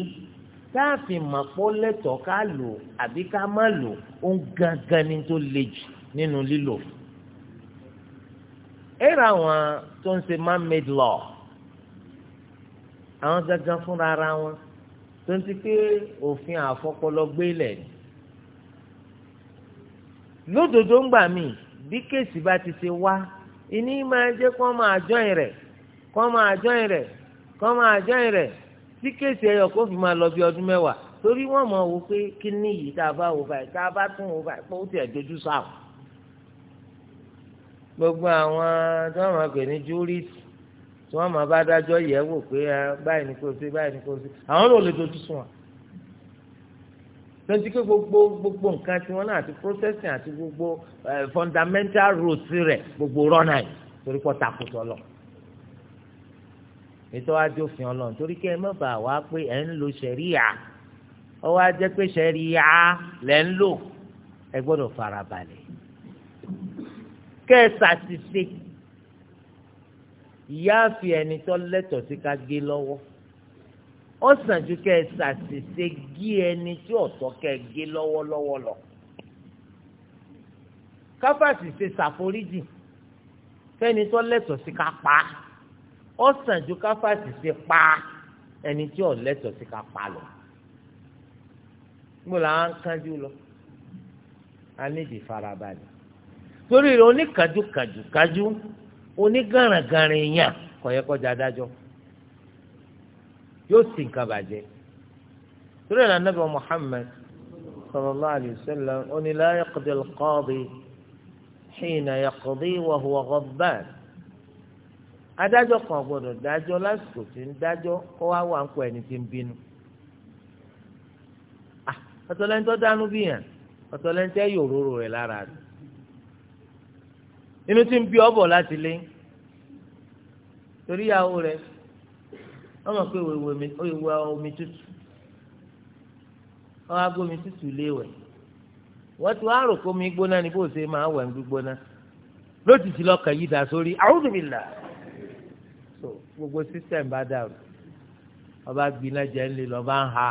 Speaker 1: táàfin màpọ̀ lẹ́tọ̀ọ́ ká lò àbí ká má lò ó ń gangan ni tó le jù nínú lílò. ẹ̀rọ àwọn tó ń ṣe man-made law àwọn gangan fúnra ara wọn tó ń ti pé òfin àfọpọlọ gbélé ni lódodo ń gbà mí bí kéèsì bá ti ṣe wá ìní máa jẹ́ kó máa jọ́ìn rẹ̀ kó máa jọ́ìn rẹ̀ kó máa jọ́ìn rẹ̀ tí kéèsì ẹyọ kó fi máa lọ bí ọdún mẹ́wàá torí wọ́n mọ̀ wò pé kí ní yìí tá a bá wò báyìí tá a bá tún wò báyìí pé ó tiẹ̀ dojú sáà gbogbo àwọn tí wọ́n máa pè ní júrìsì tí wọ́n máa bá dájọ́ yẹ̀ wò pé ah, báyìí ni kò sí báyìí ni kò sí àwọn ló lè dojú sùn wọn lọ́nà pé gbogbo gbogbo nǹkan tí wọ́n náà àti processing àti gbogbo eh, fundamental rules rẹ̀ gbogbo rọ́nà yìí torí pọ̀ takùtọ̀ lọ. ètò ajé òfin ọlọ́run torí kí ẹ má bàa wá pé ẹ̀ ń lo ṣẹ̀ríyà ó wá jẹ́ pé ṣẹ̀ríyà lẹ̀ ń lò ẹ gbọ́dọ̀ farabalẹ̀. kẹ́ẹ̀sà ti ṣe ìyá àfi ẹni tó lẹ́tọ̀ọ́ sí ká gé lọ́wọ́ ó sàn ju kẹ́ ẹ ṣàṣìṣe gé ẹni tí ọ̀tọ̀ kẹ́ ẹ gé lọ́wọ́lọ́wọ́ lọ káfàṣì ṣe ṣàforíjì fẹ́ni tó lẹ́tọ̀ọ́ sí ká pa ó sàn ju káfàṣì ṣe pa ẹni tí ò lẹ́tọ̀ọ́ sí ká pa lọ níbo làwọn kánjú lọ a nídìí farabalẹ̀ torí rẹ̀ oníkàjúkàjúkàjú onígàràngàrìn yàn kọ̀yẹ́kọ́jà dájọ́. yóò sì nǹkan bàjẹ́ torí ẹ̀ nànàbì Muhammad sallallahu alayhi wa sallam ó ní la yaqdi al adájọ́ kan gbọ́dọ̀ dájọ́ lásìkò tí ń dájọ́ kó wá wà ń kó ẹni tí ń bínú ah, ọ̀tọ̀lẹ́ńtọ́ dánú bí yàn rẹ̀ lára rẹ̀ inú ń bí ọ̀bọ̀ láti lé torí ìyàwó rẹ̀ wọ́n mọ̀ pé òwe omi tútù wọ́n á gbómi tútù léwẹ̀ wọ́n ti wá rò kó mi gbóná ni bó ṣe máa wẹ̀ ń gbígbóná lójijì lọ́kàn yìí dà sórí a'udhu billah so gbogbo system bá dàrú ọba gbiná jẹ ń lè lọ́ba ń ha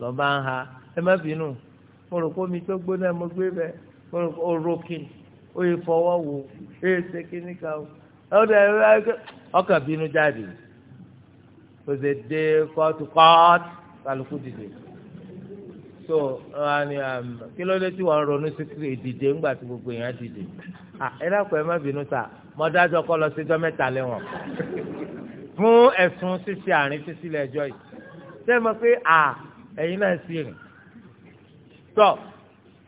Speaker 1: lọ́ba ń ha ẹ má bínú mo rò kó mi tó gbóná mo gbé bẹ́ẹ̀ mo rò kó rokin ó yẹ fọwọ́ wò ó yẹ ṣe kíníkà ó ọkàn bínú jáde yìí ó ṣe dé kóòtù kálukú dìde so wani um, kí tí wọ́n ronú sí ìdìde ńgbà tí gbogbo èèyàn dìde ẹ dákun ẹ má bínú ta mo dájọ́ kọ́ lọ síjọ́ mẹ́ta lẹ́wọ̀n fún ẹ̀sùn ṣíṣe àárín títí lẹ́jọ́ yìí ṣé mo pé à ẹ̀yin náà sì rìn tọ́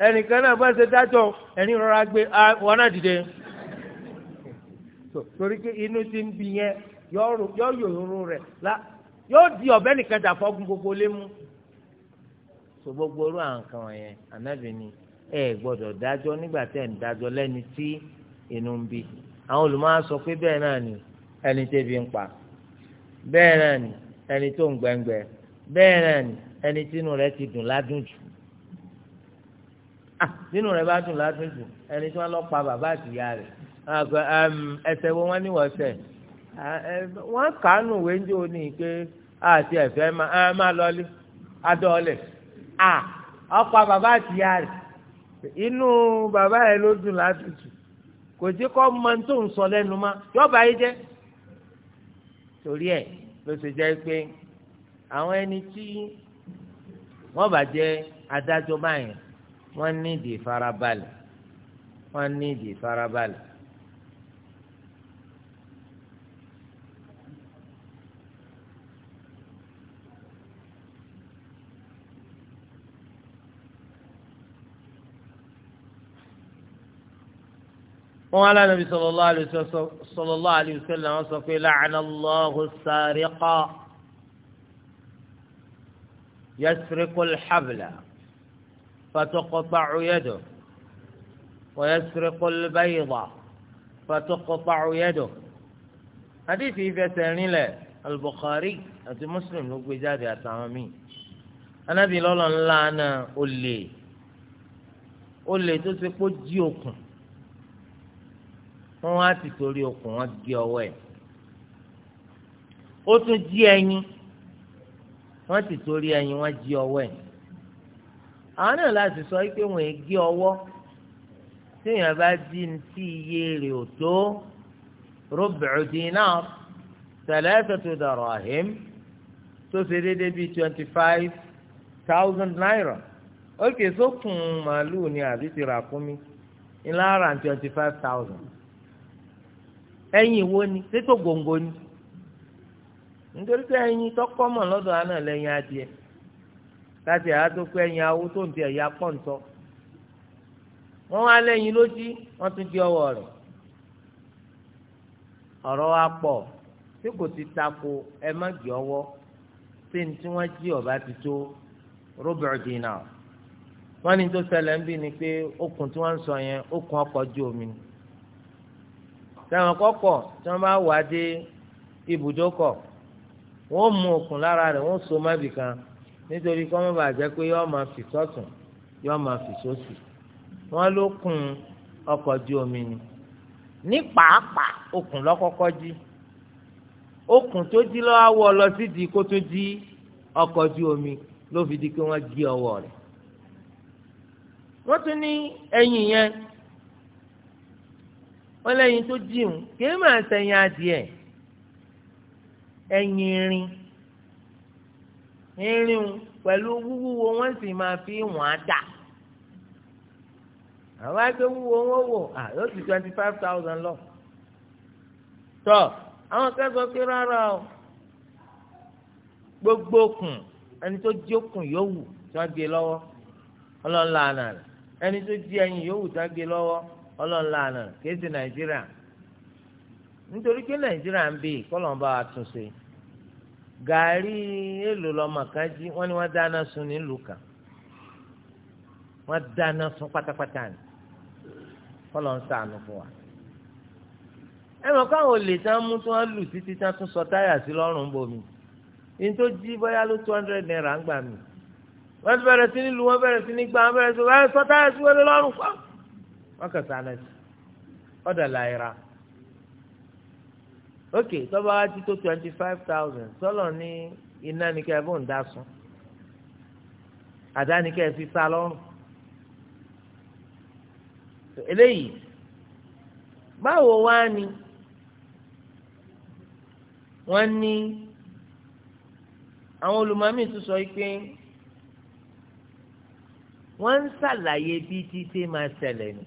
Speaker 1: ẹnìkan náà bá ṣe dájọ́ ẹ̀yin rọra gbé wọn náà dìde torí pé inú ti ń bi yẹn yọ yòòrò rẹ̀ la yóò di ọ̀bẹ nìkan jà fọ́gun gbogbo lé mú. so gbogbo orú àwọn kan wọ̀nyẹn anábì ni ẹ gbọ́dọ̀ dájọ́ nígbà tẹ̀ ń dájọ́ lẹ́ni tí inú ń bí àwọn olùmọ̀ sọ pé bẹ́ẹ̀ náà ni ẹni tẹ́bi ń pa bẹ́ẹ̀ náà ni ẹni tó ń gbẹ̀ngbẹ̀ bẹ́ẹ̀ náà ni ẹni tínú rẹ̀ ti dùn ládùn jù ah, tínú rẹ̀ bá dùn ládùn jù ẹni tí wọ́n lọ pa bàbá àtìyá rẹ̀ ẹsẹ̀ wo wọ́n ní wọ́n sẹ̀ wọ́n kàánù wẹ́njọ́ ní pé àti ẹ̀fẹ́ máa lọlé adọ́ọ̀lẹ̀ à ọ̀pá bàbá àti ìyá rẹ̀ inú bàbá yẹn ló dùn láti tù kò sí kọ́ mọ tó ń sọ lẹ́nu mọ́ yọba yìí jẹ́ torí ẹ̀ ló ṣe jẹ́ pé àwọn ẹni tí wọ́n bá jẹ́ adájọ́ báyìí wọ́n ní ìdí ìfarabalẹ̀ wọ́n ní ìdí ìfarabalẹ̀ wọn wá lánàá bí sallallahu alaihi wasallam wọn sọ pé la'anallahu as-sariqa yasriqu al-habla fatuqta'u yaduhu wa yasriqu al-bayda fatuqta'u yaduhu. hadithi fẹsẹ̀ rinlẹ̀ al-Bukhari àti Muslim ló gbé jáde àtàwọn míì anábì ńlá náà olè olè tó ti kó jí okùn wọ́n wá ti torí okùn wọn gé ọwọ́ ẹ̀ ó tún jí ẹyin wọ́n ti torí ẹyin wọ́n jí ọwọ́ ẹ̀ àwọn náà láti sọ pé wọ́n è gé ọwọ́ téèyàn bá jí ní tí iye rẹ̀ ò tó rọ́bìrì dinar thalathatu darahim tó ṣe déédéé bíi twenty five thousand naira ó kè sókun màálù ni àbí ti rà kúmi ńlá rà twenty five thousand. ẹyin wo ni sétò gbòǹgbò ni nítorí pé ẹyin tọkọ mọ lọ́dọ̀ àná lẹ́yìn adìẹ láti ẹ̀yà pé ẹyin awo tó ń di ẹ̀yà pọ̀ǹtọ́ wọ́n wá lẹ́yìn lójú wọ́n tún di ọwọ́ rẹ̀ wa tí kò ti tako ẹ má ọba ti tó ní tó ń bí ni pé okùn tí sẹwọn kọkọ tí wọn bá wà dé ibùdókọ̀ wọn mú okùn lára rẹ̀ wọn so má bìkan nítorí kọ́ mọ́ bàjẹ́ pé yọ́ọ́ máa fi sọ́tún yọ́ọ́ máa fi sósì wọ́n ló kun ọkọ̀ ju omi ni ní pàápàá okùn lọ́kọ́kọ́ jí okùn tó jí lọ́wọ́ awọ lọ sí di kó tó jí ọkọ̀ ju omi ló fi di pé wọ́n gé ọwọ́ rẹ̀ wọ́n tún ní ẹ̀yìn yẹn wọ́n lẹ́yìn tó jíun kìí máa sẹ́yìn adìẹ ẹ̀yìn irin irin pẹ̀lú wíwúwo wọ́n sì máa fi wọ́n á dà àwọn àgbẹ̀ wúwo wọ́n wò à yóò ti twenty five thousand lọ tọ́ àwọn kẹ́sọ̀ pé rárá o gbogbo kùn ẹni tó jí okùn yóò wù tí wọ́n gbé lọ́wọ́ ọlọ́ńlá àná ẹni tó jí ẹyin yóò wù tí wọ́n gbé lọ́wọ́ ọlọ́ọ̀la àná nàìjíríà nítorí pé nàìjíríà ń bì kọ́lọ̀ ń gàárì èlò lọ́mọ wọ́n ní wọ́n dáná sun nílùú kan wọ́n dáná sun pátápátá ni kọ́lọ̀ ń sànù fún wa ẹ mọ̀ káwọn olè tá mú tí wọ́n lù títí tá tún sọ táyà sí lọ́rùn bomi tó jí bóyá ló two hundred naira ń gbà mí wọ́n ti bẹ̀rẹ̀ sí ní wọ́n bẹ̀rẹ̀ sí ní wọ́n bẹ̀rẹ̀ sí sọ táyà sí wọlé lọ́rùn wọn kàn sáná sí ọ̀dà láìra ok tọ́ba wá ti tó twenty five thousand sọ́lọ̀ ní iná ní kẹ́ ẹ bó ń dá sùn àdá ní kẹ́ ẹ fi sá lọ́rùn eléyìí báwo wá ni wọ́n ní àwọn olùmọ̀mí tún sọ pé wọ́n ń ṣàlàyé bí títí máa ṣẹlẹ̀ ni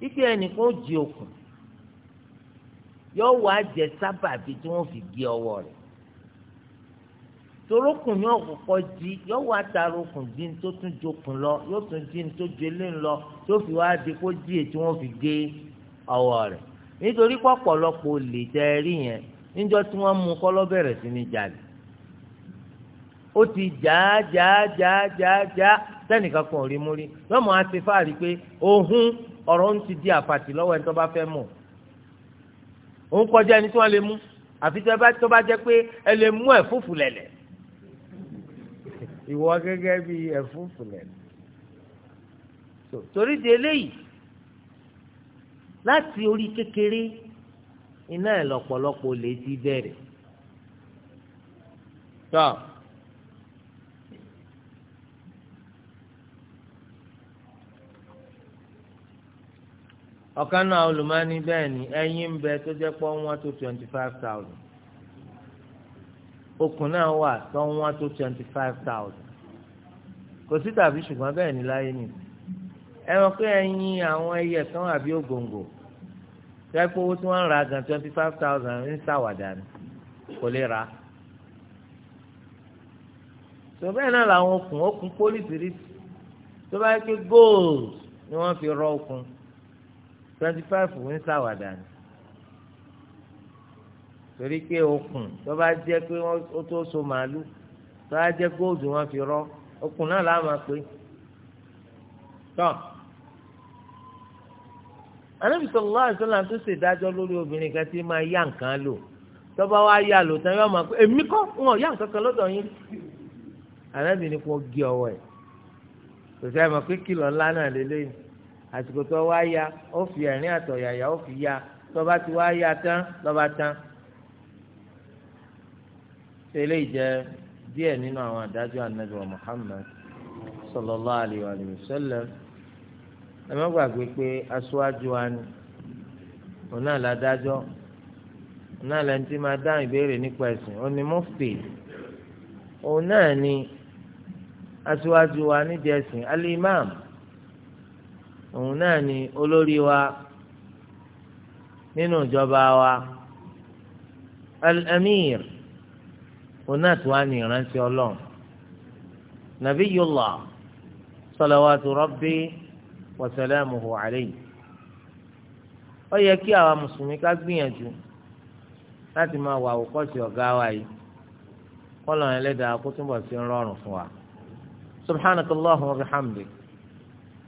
Speaker 1: ike ẹnìkan ó jí okùn yóò wá jẹ sábàbí tí wọ́n fi gé ọwọ́ rẹ̀ torókùn ní ọ̀kọ̀kọ̀ di yóò wá taro okùn di ní tó tún jokùn lọ yóò tún di ní tó jolé lọ tó fi wá di kó di ètí wọ́n fi gé ọwọ́ rẹ̀ nítorí pọ̀pọ̀lọpọ̀ olè tẹ́ ẹ rí yẹn níjọ́ tí wọ́n mú kọ́ lọ bẹ̀rẹ̀ sí ní jalè ó ti jà jà jà jà jà sẹ́nìkan kan ò rí mú rí lọ́mọ àti fáàrí pé òhun ọ̀rọ̀ ń ti di àfàtì lọ́wọ́ ẹni tó bá fẹ́ mọ̀ òun kọjá ẹni tí wọ́n lè mú àfi tó bá jẹ́ pé ẹ lè mú ẹ̀fúùfù lẹ̀lẹ̀ ìwọ gẹ́gẹ́ bí ẹ̀fúùfù lẹ̀lẹ̀ torí di eléyìí láti orí kékeré iná ẹ̀ lọ́pọ̀lọpọ̀ lè ti bẹ̀rẹ̀ tọ́. So, ọ̀kan náà olùmọ́ni bẹ́ẹ̀ ni ẹyin ń bẹ tó jẹ́ pọ́ wọ́n tó twenty five thousand okùn náà wà tó wọ́n tó twenty five thousand kò sí tàbí ṣùgbọ́n bẹ́ẹ̀ ni láyé nì ẹ mọ̀ pé ẹyin àwọn ẹyẹ kan àbí ògòǹgò jẹ́ pé owó tí wọ́n ń ra gan twenty five thousand ń ṣàwàdà ni kò lè ra tó bẹ́ẹ̀ náà làwọn okùn okùn pólísìírísì tó bá yẹ pé gold ni wọ́n fi rọ okùn twenty five ń ṣàwàdà ni torí pé okùn tó bá jẹ́ pé ó tó so màálù tó bá jẹ́ góòdù wọn fi rọ okùn náà láà máa pé tán Ànábì sallallahu alaihi wasallam tó ṣèdájọ́ lórí obìnrin kan tí máa yá nǹkan lò tó bá wá yá lò tán yóò máa pé èmi kọ́ wọn ò yá nǹkan kan lọ́dọ̀ yín Ànábì ni kò gé ọwọ́ ẹ̀ kò sẹ́yìn mọ̀ pé kìlọ̀ ńlá náà lélẹ́yìn àsìkò tó wá ya ó fi ẹ̀rín àtọ̀yàyà ó fi ya tó bá ti wá ya tán lọ́ba tán. tẹ́lẹ̀ jẹ́ díẹ̀ nínú àwọn àdájọ́ Ànábì wa sallallahu alayhi wa ẹ má gbàgbé pé aṣáájú wa ni òun náà ládájọ́ òun náà lẹ́ni tí máa dáhùn ìbéèrè nípa ẹ̀sìn ni òun ni aṣáájú wa nídìí òun náà ni olórí wa nínú ìjọba wa al-amir òun náà tó wá ní ìrántí ọlọ́run nabiyullah salawatu rabbi wa salamuhu alayhi ó yẹ kí àwa mùsùlùmí ká gbìyànjú láti máa wà àwòkọ́sí ọ̀gá wa yìí kọ́lọ̀ ẹlẹ́dàá kó túnbọ̀ sí rọrùn fún wa subhanakallahumma wa bihamdik.